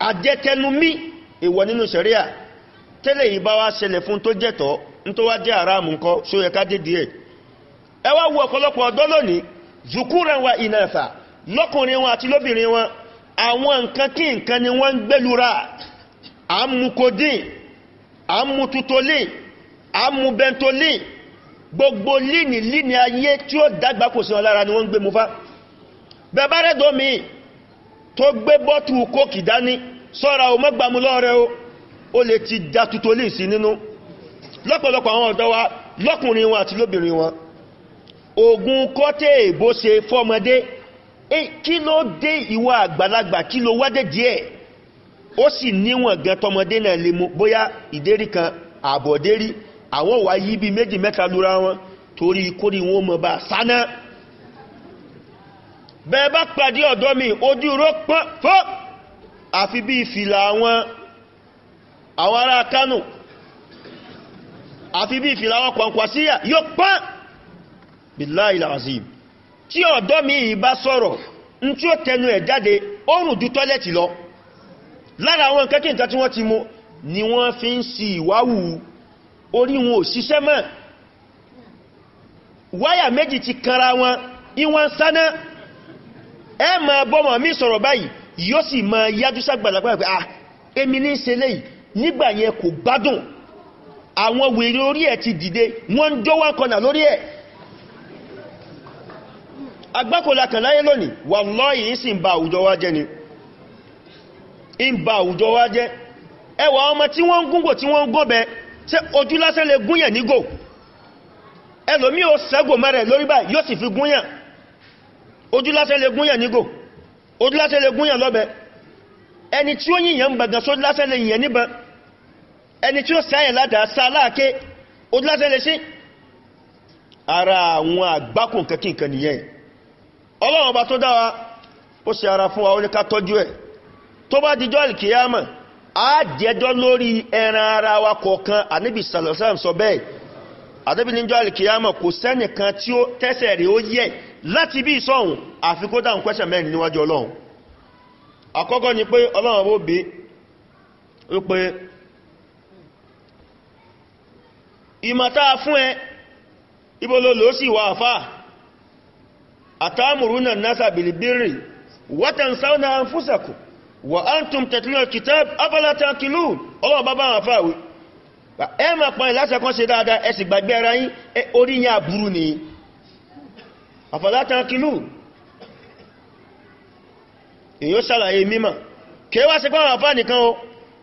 [SPEAKER 1] àjẹtẹnu mí èèwọ̀ nínú ìṣẹ̀ríà tẹ́lẹ̀ yìí bá wá ṣẹlẹ̀ fún tó jẹ́tọ̀ọ́ tó wá jẹ́ àràmù nǹkan ṣó yẹ ká dédé ẹ̀ ẹ wá wo ọ̀pọ̀lọpọ̀ ọ̀dọ́ lónìí zukuran wa ìnàfà lọ́kùnrin wọn àti lóbìnrin wọn àwọn nǹkan kí nǹkan ni wọ́n ń gbẹ́lura à ń mu codeine à ń mu tutolin à ń mu bentolin gbogbo líìnì líìnì ayé tí ó dàgbà kò sí lára ni wọ́n ń gbé mu fa bẹ́ẹ̀ tó gbé bọ́tù kókì dání sọ́ra o mọ́gbàmúlọ́ rẹ ó lè ti da tutolin sí nínú lọ́pọ̀lọpọ̀ àwọn ọ̀dọ́ wa lọ́kùnrin wọn àti lóbìnrin wọn ogun kọ́tẹ́ èbó ṣe fọ́mọdé kí ló dé ìwà àgbàlagbà kí ló wádé díẹ̀ ó sì níwọ̀n gan tọmọdé náà lè mú bóyá ìdérí kan àbọ̀dérí àwọn wà yí bí méjì mẹ́ta lóra wọn torí kórì wọn mọ̀ bá sáná bẹ́ẹ̀ bá pàdé ọ̀dọ́ mi ojú ró pọ́n fọ́ àfi bí fìlà àwọn ará kánò àfi bí ìfìlàwọ̀ kwankwasíyà yóò pán billahi alazim tí ọ̀dọ́ mi yìí bá sọ̀rọ̀ n tí ó tẹnu ẹ̀ jáde oòrùn ju tọ́lẹ̀tì lọ lára àwọn nǹkan kí nǹkan tí wọ́n ti mú ni wọ́n fi ń si ìwáwù orí wọn ò ṣiṣẹ́ mọ́ wáyà méjì ti kanra wọn ìwọ̀n sáná ẹ máa bọ́mọ̀ mi sọ̀rọ̀ báyìí yóò sì máa yájú ságbàlagbà pé ah èmi ní í ṣe léyìí nígbà yẹn kò gbádùn àwọn wèrè orí ẹ̀ ti dìde wọ́n ń wọn lórí ẹ̀ agbákòlá kan láyé lónìí wallahi ń sì ń ba àwùjọ wa jẹ́ ni ń ba àwùjọ wa jẹ́ ẹwà ọmọ tí wọ́n ń gúngò tí wọ́n ń gọ́bẹ̀ ṣe ojú lè nígò ẹlòmí ò sẹ́gò mẹ́rẹ̀ lórí fi ojú lè ojú lè ẹni tí ó ẹni tí ó sáyẹ̀ ládàá sá láàké ó lè sí ara àwọn àgbákùn kankan kan nìyẹn ọlọ́run ọba tó dáwa ó ṣe ara fún wa ó ní ká tọ́jú ẹ̀ tó bá dijọ́ ìkìyàmọ̀ á jẹjọ́ lórí ẹran ara wa kọ̀ọ̀kan àníbi sàlọ̀sàm sọ bẹ́ẹ̀ àníbi níjọ́ ìkìyàmọ̀ kò sẹ́nìkan tí ó tẹ́sẹ̀ rẹ̀ ó yẹ láti bí ìsọ̀hún àfi kó dáhùn kwẹ́sẹ̀ mẹ́rin níwájú ọlọ́run àkọ́kọ́ ni pé ọlọ́run ọba ó bí ó pé ìmọ̀ta fún ẹ ibolo ló sì wà fà àtàmùrúnà nasa bilibiri watan sauna an fúsàkù wà án tún tẹ̀tìlẹ̀ kìtàb afẹ́lẹ́ta kìlú ọlọ́ bàbá wọn fà wí ẹ ma pa ìlàṣẹ kan ṣe dáadáa ẹ sì ni afẹ́lẹ́ta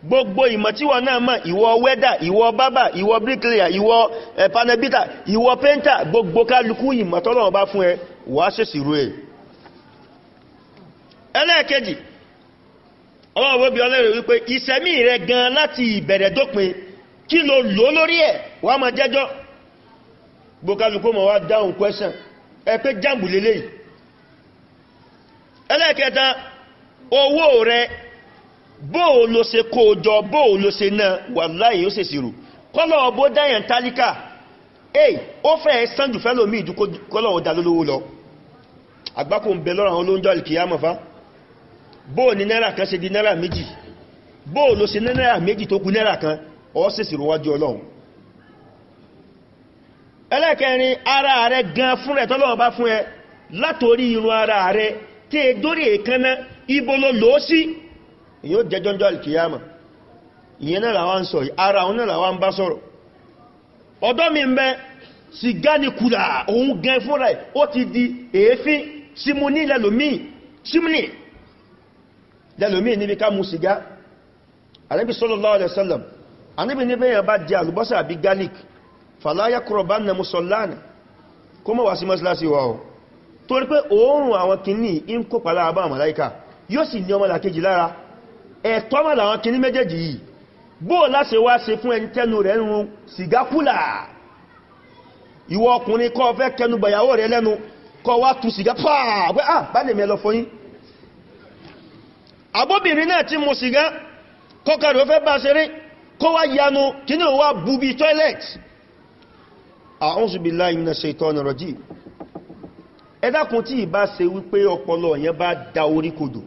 [SPEAKER 1] gbogbo ìmọ̀ tí wọ́n náà mọ̀ ìwọ wẹ́dà ìwọ bábà ìwọ bricklayer ìwọ eh, panabita ìwọ pẹ́ntà gbogbo kálukú ìmọ̀ tọ́lọ́wọ́ bá fún ẹ wà ṣèṣì rú ẹ ẹlẹ́ẹ̀kejì ọlọ́wọ́ bí ọlẹ́rẹ̀ wípé ìsẹ̀mí rẹ gan láti ìbẹ̀rẹ̀ dópin kí lo lò lórí ẹ̀ wà máa jẹ́jọ́ gbogbo mọ̀ wá bóò ló ṣe kó o jọ bóò ló ṣe náà wà láì ó ṣèṣì rò kọ́lọ̀ ọbọ̀ dáyàn tálíkà ó fẹ́ sàn jù fẹ́lò míì ju kọ́lọ̀ ọ̀dà lólówó lọ ń bẹ lọ́rọ̀ àwọn kan ṣe di náírà méjì bóò ló ṣe náírà méjì tó kan ọ́ ṣèṣì rò wájú ọlọ́run ara rẹ gan fún rẹ tọ́lọ́wọ́ bá fún ẹ irun ara rẹ ibo èyí ó jẹjọ́ jọ alkiyama ìyẹn náà làwọn ń sọ ara òun náà làwọn ń bá sọ̀rọ̀ ọ̀dọ́ mi ń bẹ sìgá ni kùdà òun gan fúnra ẹ̀ ó ti di èéfín símú ní lẹ́lòmíì símúnì lẹ́lòmíì níbi ká mu sìgá anábi sallallahu alaihi wasallam anábi níbẹ̀ yẹn wa o torí pé òórùn àwọn kìíní ń kópa lára bá ẹ̀tọ́ mọ̀ làwọn kìíní méjèèjì yìí bó láṣẹ wá ṣe fún ẹni tẹ́nu rẹ̀ ń run sìgá kúlà ìwọ ọkùnrin kọ́ fẹ́ kẹnu bàyàwó rẹ̀ lẹ́nu kọ́ wá tu sìgá pàà pé à ah, bá lè mẹ́lọ fọyín abóbìnrin náà ti mu sìgá kọ́kàrí ó fẹ́ bá ṣeré kó bubi toilet a'udhu billahi minash shaitani rajim ẹ dákun tí ìbá ṣe wípé ọpọlọ yẹn bá da orí kodò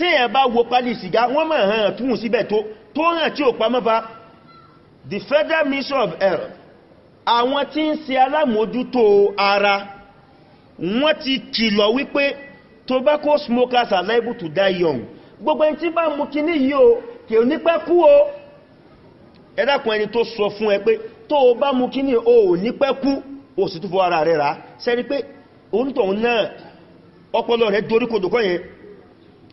[SPEAKER 1] téèyàn bá wo pálí sìgá wọ́n mọ̀ hàn túhùn síbẹ̀ tó tó hàn tí ò pamọ́ fa the federal ministry of health àwọn tí ń ṣe alámòójútó ara wọ́n ti kìlọ̀ wípé tobacco smokers are liable to die young gbogbo ẹni tí bá mú kíní yìí o kì í nípẹ́ kú o ẹ ẹni tó sọ fún ẹ pé tó o bá mú kíní o ò nípẹ́ kú o sì tún fọ ara rẹ rà sẹ́ni pé òun tòun náà ọpọlọ rẹ dorí kodò kọ́ yẹn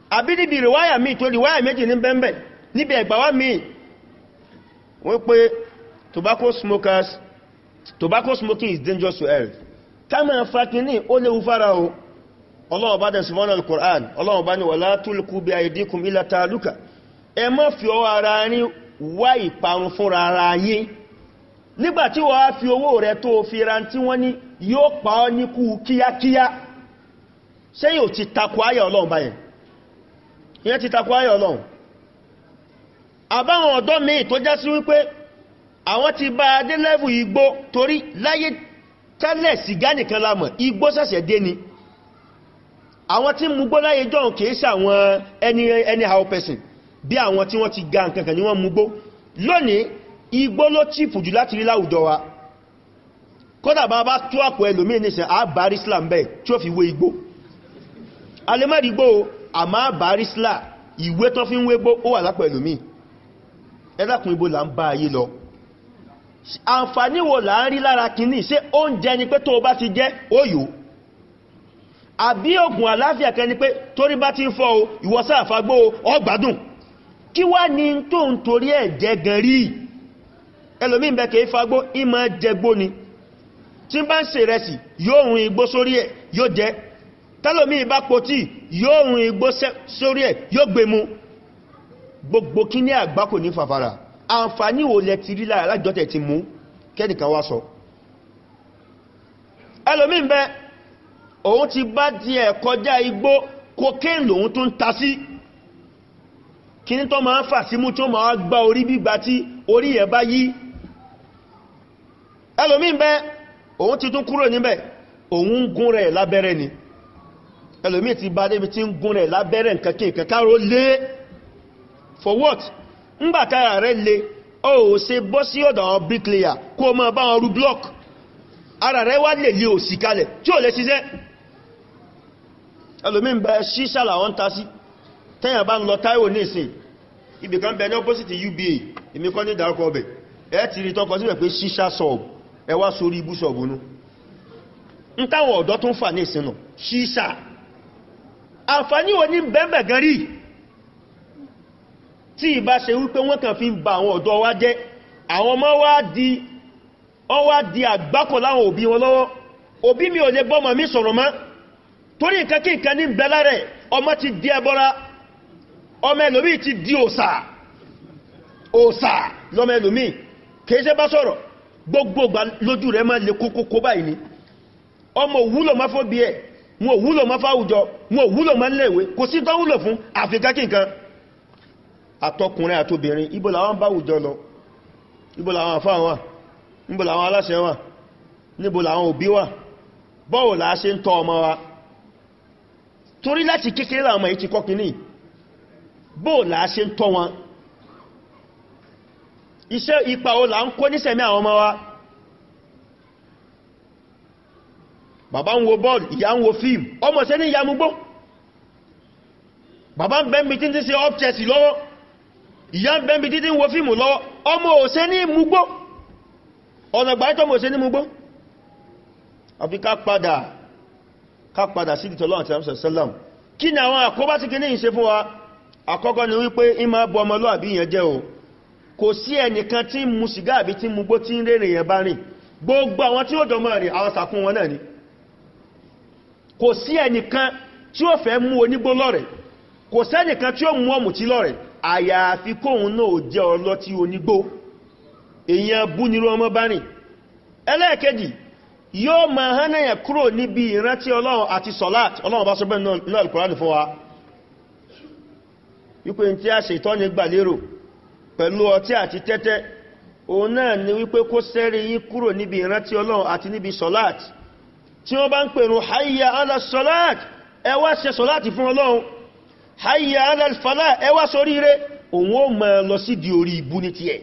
[SPEAKER 1] àbí níbi mi míì tó ríwáyà méjì ní bẹ́ẹ̀bẹ̀ níbi ẹ̀gbàwá míì wọ́n pé tobacco smokers tobacco smoking is dangerous to health kama fakini ó léwu fara o ọlọ́wọ́ bá dẹ̀sí al-Qur'an ọlọ́wọ́ bá ní wala tulqu bi aydikum ila ta'aluka ẹ má fi ọwọ́ ara yín wá ìparun fúnra ara yín nígbàtí wọ́n á fi owó rẹ̀ tó fi ra tí wọ́n ní yóò pa ọ́ níkú kíákíá sẹ́yìn ò ti takò ayà ọlọ́run báyẹn ìyẹn ti takò ayọ̀ ọlọ́run àbáwọn ọ̀dọ́ míì tó já sí wípé àwọn ti bá adé lẹ́fù igbó torí láyé tẹ́lẹ̀ sìgá nìkan la mọ̀ igbó ṣẹ̀ṣẹ̀ dé ni àwọn tí mú gbó láyé jọ̀hún kìí ṣàwọn ẹni ẹni how person bí àwọn tí wọ́n ti ga nǹkan kan ni wọ́n mú gbó lónìí igbó ló chìpù jù láti rí láwùjọ wa kódà bá bá tó àpò ẹlòmíì nìṣẹ́ àbárí islam bẹ́ẹ̀ tí ó fi wé igbó alẹ́mọ́rí àmá barisla ìwé tán fi ń wégbó ó wà lápẹ̀ lómi ẹlákùn ibo là ń bá ayé lọ àǹfààní wo là ń rí lára kìíní ṣé oúnjẹ ni pé tó o bá ti jẹ́ òyò àbí ògùn àláfíà kẹni pé torí bá ti ń fọ́ o ìwọ́sá àfagbó o ọgbádùn kí wá ní tó ń torí ẹ̀ jẹ gan rí ẹlòmí ìbẹ̀ kìí fagbó ìmọ̀ jẹgbó ni tí bá ń ṣèrẹsì yóò rún igbó sórí ẹ̀ yóò jẹ tẹ́lòmí ìbá po tíì yóò rún igbó sórí ẹ̀ yóò gbé mu gbogbo kíní àgbá kò ní fàfàrà àǹfààní wo lẹ ti rí lára lájọ́ tẹ̀ ti mú kẹ́nìkan wá sọ ẹlòmíì bẹ òun ti bá tiẹ̀ kọjá igbó kokéèn lòun tó ń ta sí kíní tó máa ń fà símú tó máa gbá orí gbígba tí orí ẹ̀ bá yí ẹlòmíì bẹ òun ti tún kúrò níbẹ̀ òun ń gún rẹ̀ lábẹ́rẹ́ ni ẹlòmí ti bá débi tí ń gún rẹ̀ lábẹ́rẹ̀ nǹkan kí nǹkan káró lé for what ńgbàkára rẹ̀ lé ó ò ṣe bọ́ sí ọ̀dọ̀ àwọn bricklayer kó o máa bá wọn rú block ara rẹ̀ wá lè lé òsì kalẹ̀ tí ò lè ṣiṣẹ́ ẹlòmí ń bẹ ṣíṣà làwọn ta sí tẹ́yàn bá ń lọ táíwò ní ìsìn ibìkan bẹ ní opposite uba èmi kọ́ ní ìdárúkọ ọbẹ̀ ẹ ti rí tọ́kọ síbẹ̀ pé ṣíṣà sọ̀ọ̀bù ẹ wá sórí ibú sọ̀ọ̀bù nú ń táwọn ọ̀dọ́ tó ń fà ní ìsìn náà ṣíṣà àǹfàní wo ní bẹ́ẹ̀bẹ̀ gan rí tí ìbá ṣe wípé wọ́n kàn fi ń ba àwọn ọ̀dọ́ wa jẹ́ àwọn ọmọ di ọ wá di àgbákò láwọn òbí wọn lọ́wọ́ òbí mi ò lè bọ́mọ mi sọ̀rọ̀ mọ́ torí nǹkan kí ọmọ ti di ẹbọra ọmọ ẹlòmí ti di òsà òsà le kókó kó báyìí ni ọmọ òwúlò máa fọ́ bí ẹ̀ wọn ò wúlò mọ́ fáwùjọ wọn ò wúlò mọ́ nílẹ̀wé kò sí tó wúlò fún àfikà kí nǹkan àtọkùnrin àtobìnrin ibo làwọn bá wùjọ lọ ibo làwọn àfáà wà níbo làwọn aláṣẹ wà níbo làwọn òbí wà bọ́ọ̀ làá ṣe ń tọ́ ọmọ wa torí láti kékeré làwọn ọmọ yìí ti kọ́ kínní bóò làá ṣe ń tọ́ wọn iṣẹ́ ipa o bàbá ń wo bọ́ọ̀lù ìyá ń wo fíìmù ọmọ ṣe ní ìyàmúgbó bàbá ń bẹ́m̀bí tí ti ṣe ọ́pchẹ́sì lọ́wọ́ ìyá ń bẹ́m̀bí tí ti ń wo fíìmù lọ́wọ́ ọmọ ò ṣe ní múgbó ọ̀nà gbáyítọ́ mọ̀ ṣe ní múgbó àfi ká padà ni àwọn àkóbá tí kì ní ìṣe fún wa àkọ́kọ́ ni gbogbo àwọn tí ó jọmọ rìn àwọn sàkún wọn náà ni kò sí ẹnìkan tí ó fẹ́ mú onígbó lọ́rẹ̀ kò sẹ́nìkan tí ó mú ọ̀mùtí lọ́rẹ̀ àyàfi kóhun náà ò jẹ́ ọlọ́tí onígbó èèyàn búnirú ọmọ bá rìn ẹlẹ́ẹ̀kejì yóò ma hánàyà kúrò níbi ìrántí ọlọ́run àti sọ̀láàt ọlọ́run bá sọ́bẹ̀ náà alkùránì fún wa wípé tí a ṣètọ́ ní lérò pẹ̀lú ọtí àti tẹ́tẹ́ òun náà ni wípé kó sẹ́rí yín kúrò níbi ìrántí ọlọ́run àti níbi sọ̀láàtì tí wọ́n bá ń pèrò hayya ala salat ẹ ṣe fún ọlọ́run hayya ala falah sórí ma lọ sí di orí ibu ní tiẹ̀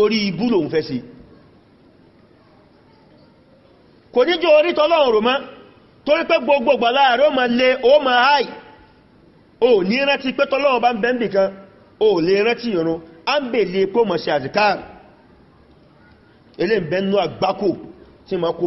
[SPEAKER 1] orí ibú lòun fẹ́ sí kò ní orí tọ́lọ́run rò torí pé gbogbo láàrin ma lè o ma ní rántí pé tọ́lọ́run bá ń bẹ́m̀bì kan lè rántí ìrún ń bè lè mọ̀ sí ilé ma kú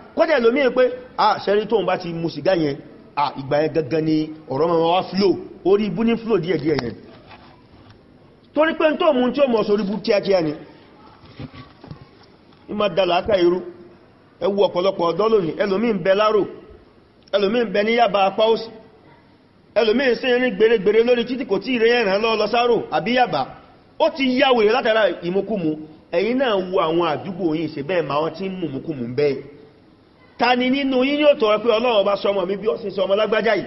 [SPEAKER 1] kọ́dẹ̀ lómi pé a ṣẹ́rí tóun bá ti mu sìgá yẹn a ìgbà yẹn gangan ni ọ̀rọ̀ mọ́ wá flow orí ibú ní flow díẹ̀ díẹ̀ yẹn torí pé tó mú tí ó mọ̀ sórí ibú kíákíá ni ní ma dàlà áká irú ẹwu ọ̀pọ̀lọpọ̀ ọ̀dọ́ lónìí ẹlòmí ń bẹ láàrò ẹlòmí ń bẹ ní yàbá apá òsì ẹlòmí ń sin rin gbèrègbèrè lórí títí kò tí ìrẹ́ ẹ̀ràn lọ lọ sáró àbí náà wo àwọn àdúgbò yìí ṣe bẹ́ẹ̀ wọ́n ti ń mú mú kú mú bẹ́ẹ̀ ta ni nínú yín yóò tọrọ pé ọlọ́run bá sọmọ mi bí ó sì sọmọ lágbájá yìí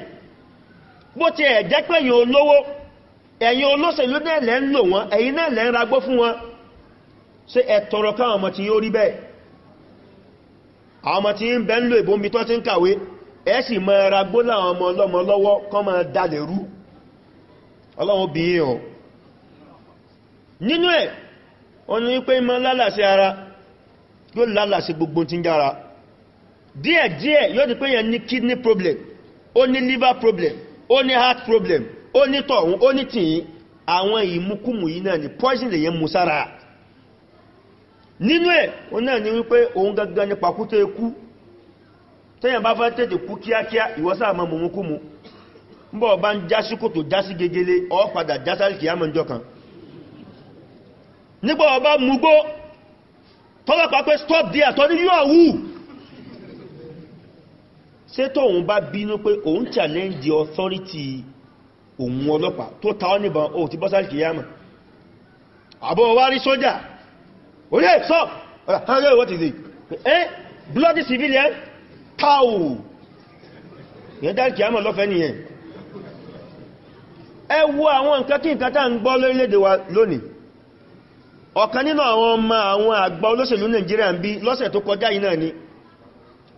[SPEAKER 1] bó ti ẹ̀ jẹ́ pé ẹ̀yin olówó ẹ̀yin olóṣèlú náà lẹ́ ń lò wọ́n ẹ̀yin fún wọn ṣé ẹ tọrọ káwọn ọmọ tí yóò rí bẹ́ẹ̀ ọmọ tí ń bẹ́ ń lo ìbomi tó ti mọ láwọn ọmọ ọlọ́mọ lọ́wọ́ kọ́ máa dalẹ̀ rú ọlọ́run nínú ẹ̀ wọ́n ní pé lálàsí ara yóò gbogbo tí ń díẹ̀díẹ̀ yóò di pé yẹn ní kidney problem ó ní liver problem ó ní heart problem ó ní tọ̀hún ó ní tìyín àwọn ìmúkùmù yìí náà ni poison lè yẹn mú sára nínú ẹ̀ ó náà ní wípé òun gangan ní pàkúté ikú tẹ́yìn bá fẹ́ tètè kú kíákíá ń bọ̀ bá ń jásí kòtò jásí gegele ọ́ kan nígbà ọba mugbó tọ́lọ́pàá pé stop there yóò wù ṣé tóun bá bínú pé òun challenge the authority òun ọlọ́pàá tó ta ọ́ níbọn ó ti bọ́sá kìyàmà àbọ̀ wá rí sójà sọ what is it eh bloody civilian tau ìyẹn dá kìyàmà lọ́fẹ́ nìyẹn ẹ wo àwọn nǹkan kí nǹkan tá ń gbọ́ lórílẹ̀-èdè wa lónìí ọ̀kan nínú àwọn ọmọ àwọn àgbà olóṣèlú Nàìjíríà ń bí lọ́sẹ̀ tó kọjá yìí náà ni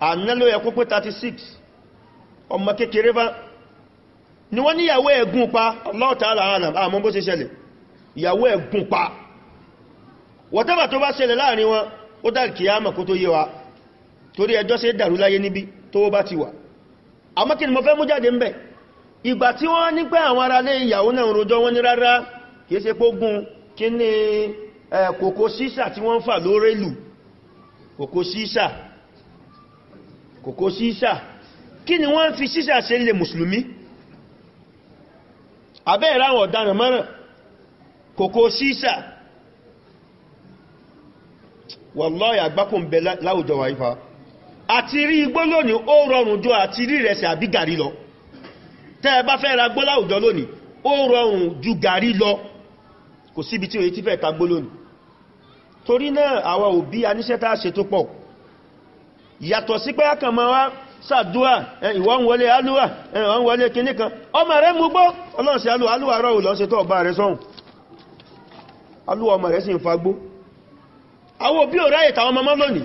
[SPEAKER 1] àná ló yẹ kó pé 36 ọmọ kékeré bá ni wọ́n níyàwó ẹ̀gùn pa ọlọ́ọ̀tàlá àmọ́ bó ṣe ṣẹlẹ̀ ìyàwó ẹ̀gùn pa wọ́tẹ́bà tó bá ṣẹlẹ̀ láàrin wọn ó dá kìyàmà kó tó yé wa torí ẹjọ́ ṣe dàrú láyé níbi tó bá ti wà àmọ́ kí ni mo fẹ́ mú jáde ń bẹ̀ ìgbà tí wọ́n ní pé àwọn ará lé ìyàwó náà rojọ́ wọn ní rárá kìí ṣe pó kí ni kòkó sísà tí wọ́n ń fà lórí ìlú kòkó sísà kòkó sísà kí ni wọ́n fi sísà ṣe lè mùsùlùmí abẹ́ ìráwọ̀ ọ̀daràn mọ́ràn kòkó sísà wàláhì àgbákùn bẹ láwùjọ wà ifá àti rí igbó lónìí ó rọrùn jọ àti rí ìrẹsẹ̀ àbí gàrí lọ tẹ́ ẹ bá fẹ́ ra gbó láwùjọ lónìí ó rọrùn ju gàrí lọ kò síbi tí òye ti fẹ́ ta gbó lónìí torí náà àwa òbí aníṣẹ́ ṣe tó pọ̀ yàtọ̀ sí pé akàn mọ́ wá sàdúà ìwọ́n wọlé alúwà ẹ̀wọ́n wọlé kìíní kan ọmọ rẹ̀ mú gbọ́ ọlọ́run sí alúwà alúwà rọ̀ lọ́sẹ̀ tó ọba rẹ̀ sọ́hun alúwà ọmọ rẹ̀ sì ń fagbó àwọn òbí ò ráyè tàwọn ọmọ lónìí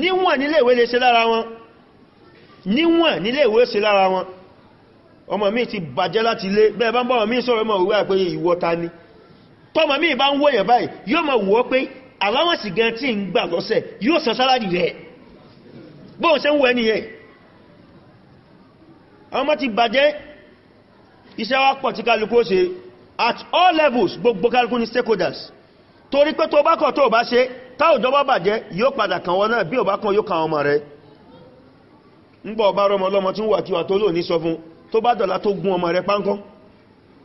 [SPEAKER 1] níwọ̀n nílé ìwé lè ṣe lára wọn níwọ̀n nílé ìwé ṣe ni tọ́mọ mi bá ń wòyàn báyìí yóò mọ̀ wọ́ pé aláwọ̀sì gan tí ń gbà lọ́sẹ̀ yóò bóò ṣe ń wẹ́ nìyẹn àwọn ọmọ ti bàjẹ́ iṣẹ́ wa pọ̀ tí kálukú ó ṣe at all levels gbogbo kálukú ní stakeholders torí pé tó bá kọ̀ tó bá ṣe táwùjọ bá bàjẹ́ yóò padà kàn wọn náà bí ò bá kàn yóò kàn ọmọ rẹ̀ ń bọ̀ ọba rọmọ ọlọ́mọ tí ń wà kíwà tó lò ní sọ fún tó bá dọ̀la tó gún ọmọ rẹ̀ pánkọ́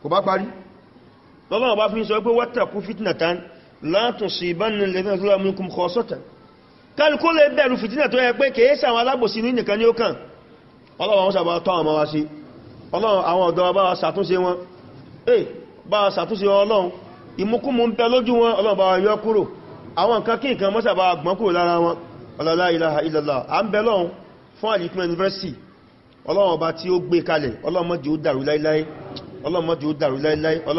[SPEAKER 1] kò bá parí lọ́lọ́wọ́ bá fi ń sọ pé wọ́tàkú fitnatan látùnsí ìbánilẹ̀ kálukú lè bẹ̀rù fìtínà tó yẹ pé kèéṣà àwọn alábòsí ní nìkan ní ó kàn ọlọ́wọ́ àwọn sàbà tọ́ àwọn wa sí ọlọ́run àwọn ọ̀dọ́ bá wa ṣàtúnṣe wọn eh bá wa ṣàtúnṣe ọlọ́run ìmúkúmú ń bẹ lójú wọn ọlọ́run bá wa yọ kúrò àwọn nǹkan kí nǹkan mọ́sà bá wa gbọ́n kúrò lára wọn ọlọ́lá ilaha illallah à ń bẹ lọ́run fún àlìkún university ọlọ́run ọba tí ó gbé kalẹ̀ ọlọ́run má jẹ́ ó dàrú láíláí ọlọ́run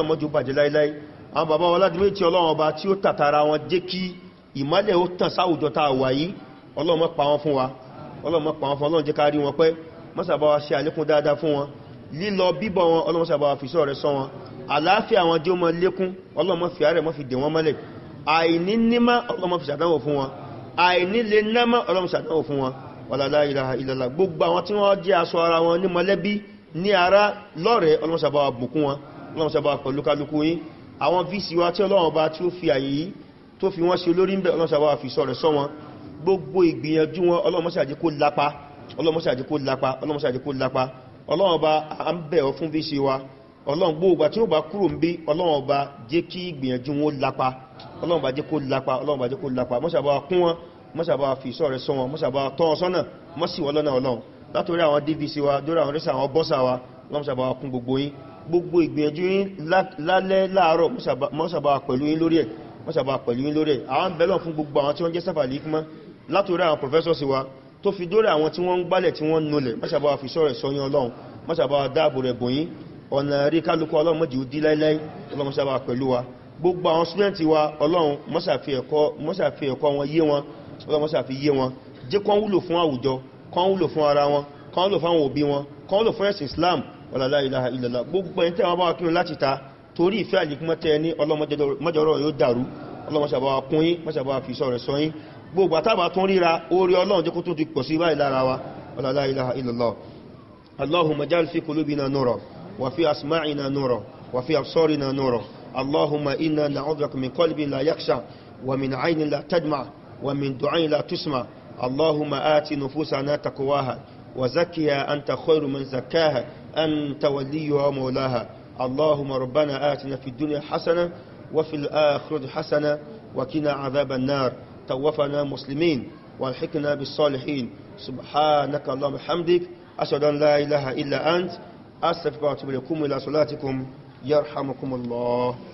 [SPEAKER 1] má jẹ́ tí ó tàtàrà wọn jẹ́ kí ìmọ́lẹ̀ ó tàn sáwùjọ tàà wà yìí ọlọ́run má pa wọ́n fún wa ọlọ́run má pa wọ́n fún ọlọ́run jẹ́ ká rí wọn pẹ́ mọ́sàbáwá ṣe àlékún dáadáa fún wọn lílọ bíbọ̀ wọn ọlọ́run mọ́sàbáwá fi sọ́ọ̀rẹ́ sọ wọn àlàáfíà wọn jẹ́ ó mọ lékún ọlọ́run mọ́ fi àárẹ̀ mọ́ fi dè wọ́n mọ́lẹ̀ àìní nímọ́ ọlọ́run mọ́ fi ṣàdánwò fún wọn àìní lè námọ́ ọlọ́run ṣàdánwò fún wọn wàlálà ìlàhà ìlàlà gbogbo àwọn tí wọ́n jẹ́ aṣọ ara wọn ní mọ̀lẹ́bí ní ara lọ́rẹ̀ẹ́ ọlọ́run ṣàbáwá bùkún wọn ọlọ́run ṣàbáwá pẹ̀lú kálukú yín àwọn vc wa tí ọlọ́run bá tí ó fi àyè yìí tó fi wọ́n ṣe olórí ń bẹ̀ ọlọ́mọsàwọ́ àfisọ́ rẹ̀ sọ wọn gbogbo ìgbìyànjú wọn ọlọ́mọsàjẹ́ kó lápá ọlọ́mọsàjẹ́ kó lápá ọlọ́mọsàjẹ́ kó lápá ọlọ́wọ́n bá a ń bẹ̀ ọ fún bí ṣe wa ọlọ́wọ́n gbogbo tí ó bá kúrò ń bí ọlọ́wọ́n bá jẹ́ kí ìgbìyànjú wọn lápá ọlọ́wọ́n bá jẹ́ kó lápá ọlọ́wọ́n bá jẹ́ kó lápá mọ́sàbá kún wọn mọ́sàbá fi ìṣọ́ rẹ̀ sọ wọn mọ́sàbá tọ́ ọ sọ́nà mọ́sì wọn lọ́nà ọlọ́run látòrí àwọn dvc wa dórí àwọn rẹ́sà àwọn bọ́sà wa mọ́sàbá kún gbogbo yín gbogbo ìgbìyànjú yín lálẹ́ láàárọ̀ mọ́sàbá pẹ̀lú yín lórí ẹ̀ wọ́n sàbà pẹ̀lú yín lórí ẹ̀ àwọn bẹ̀lọ̀ fún gbogbo àwọn tí wọ́n jẹ́ sáfà líkímọ́ látòrí àwọn professors wa tó fi dórí àwọn tí wọ́n ń gbálẹ̀ tí wọ́n ń nolẹ̀ wọ́n sàbà fi sọ́rẹ̀ sọyún ọlọ́run wọ́n sàbà dáàbò rẹ̀ bòyín ọ̀nà rí kálukú ọlọ́run mọ́jì ó dí láíláí ọlọ́run sàbà pẹ̀lú wa gbogbo àwọn student wa ọlọ́run mọ́sàfi ẹ̀kọ́ wọn yé wọn ọlọ́run mọ́sàfi yé wọn jẹ́ kán wúlò Islam ọ̀làlá ìlàlá gbogbo ẹni tẹ́wọ́n bá wà kírun láti ta torí ìfẹ́ àlìkúmọ́tẹ́ ní ọlọ́mọjọ́rọ̀ yóò dàrú ọlọ́mọṣàbáwà kún yín mọ́ṣàbáwà fi sọ̀rẹ̀ sọ yín gbogbo àtàbà tún ríra orí ọlọ́run jẹ́ kó tún ti pọ̀ sí báyìí lára wa la ilaha illallah allahumma ja'al fi qulubina nura wa fi asma'ina nura wa fi absarina nura allahumma inna na'udhuka min qalbin la yakhsha wa min 'aynin la tadma' wa min du'ain la tusma' allahumma ati nufusana taqwaha wa zakkiha anta khayru man zakkaha anta waliyuha wa mawlaha اللهم ربنا آتنا في الدنيا حسنة وفي الآخرة حسنة وكنا عذاب النار توفنا مسلمين والحقنا بالصالحين سبحانك اللهم حمدك أشهد أن لا إله إلا أنت أستغفرك وأتوب إليكم إلى صلاتكم يرحمكم الله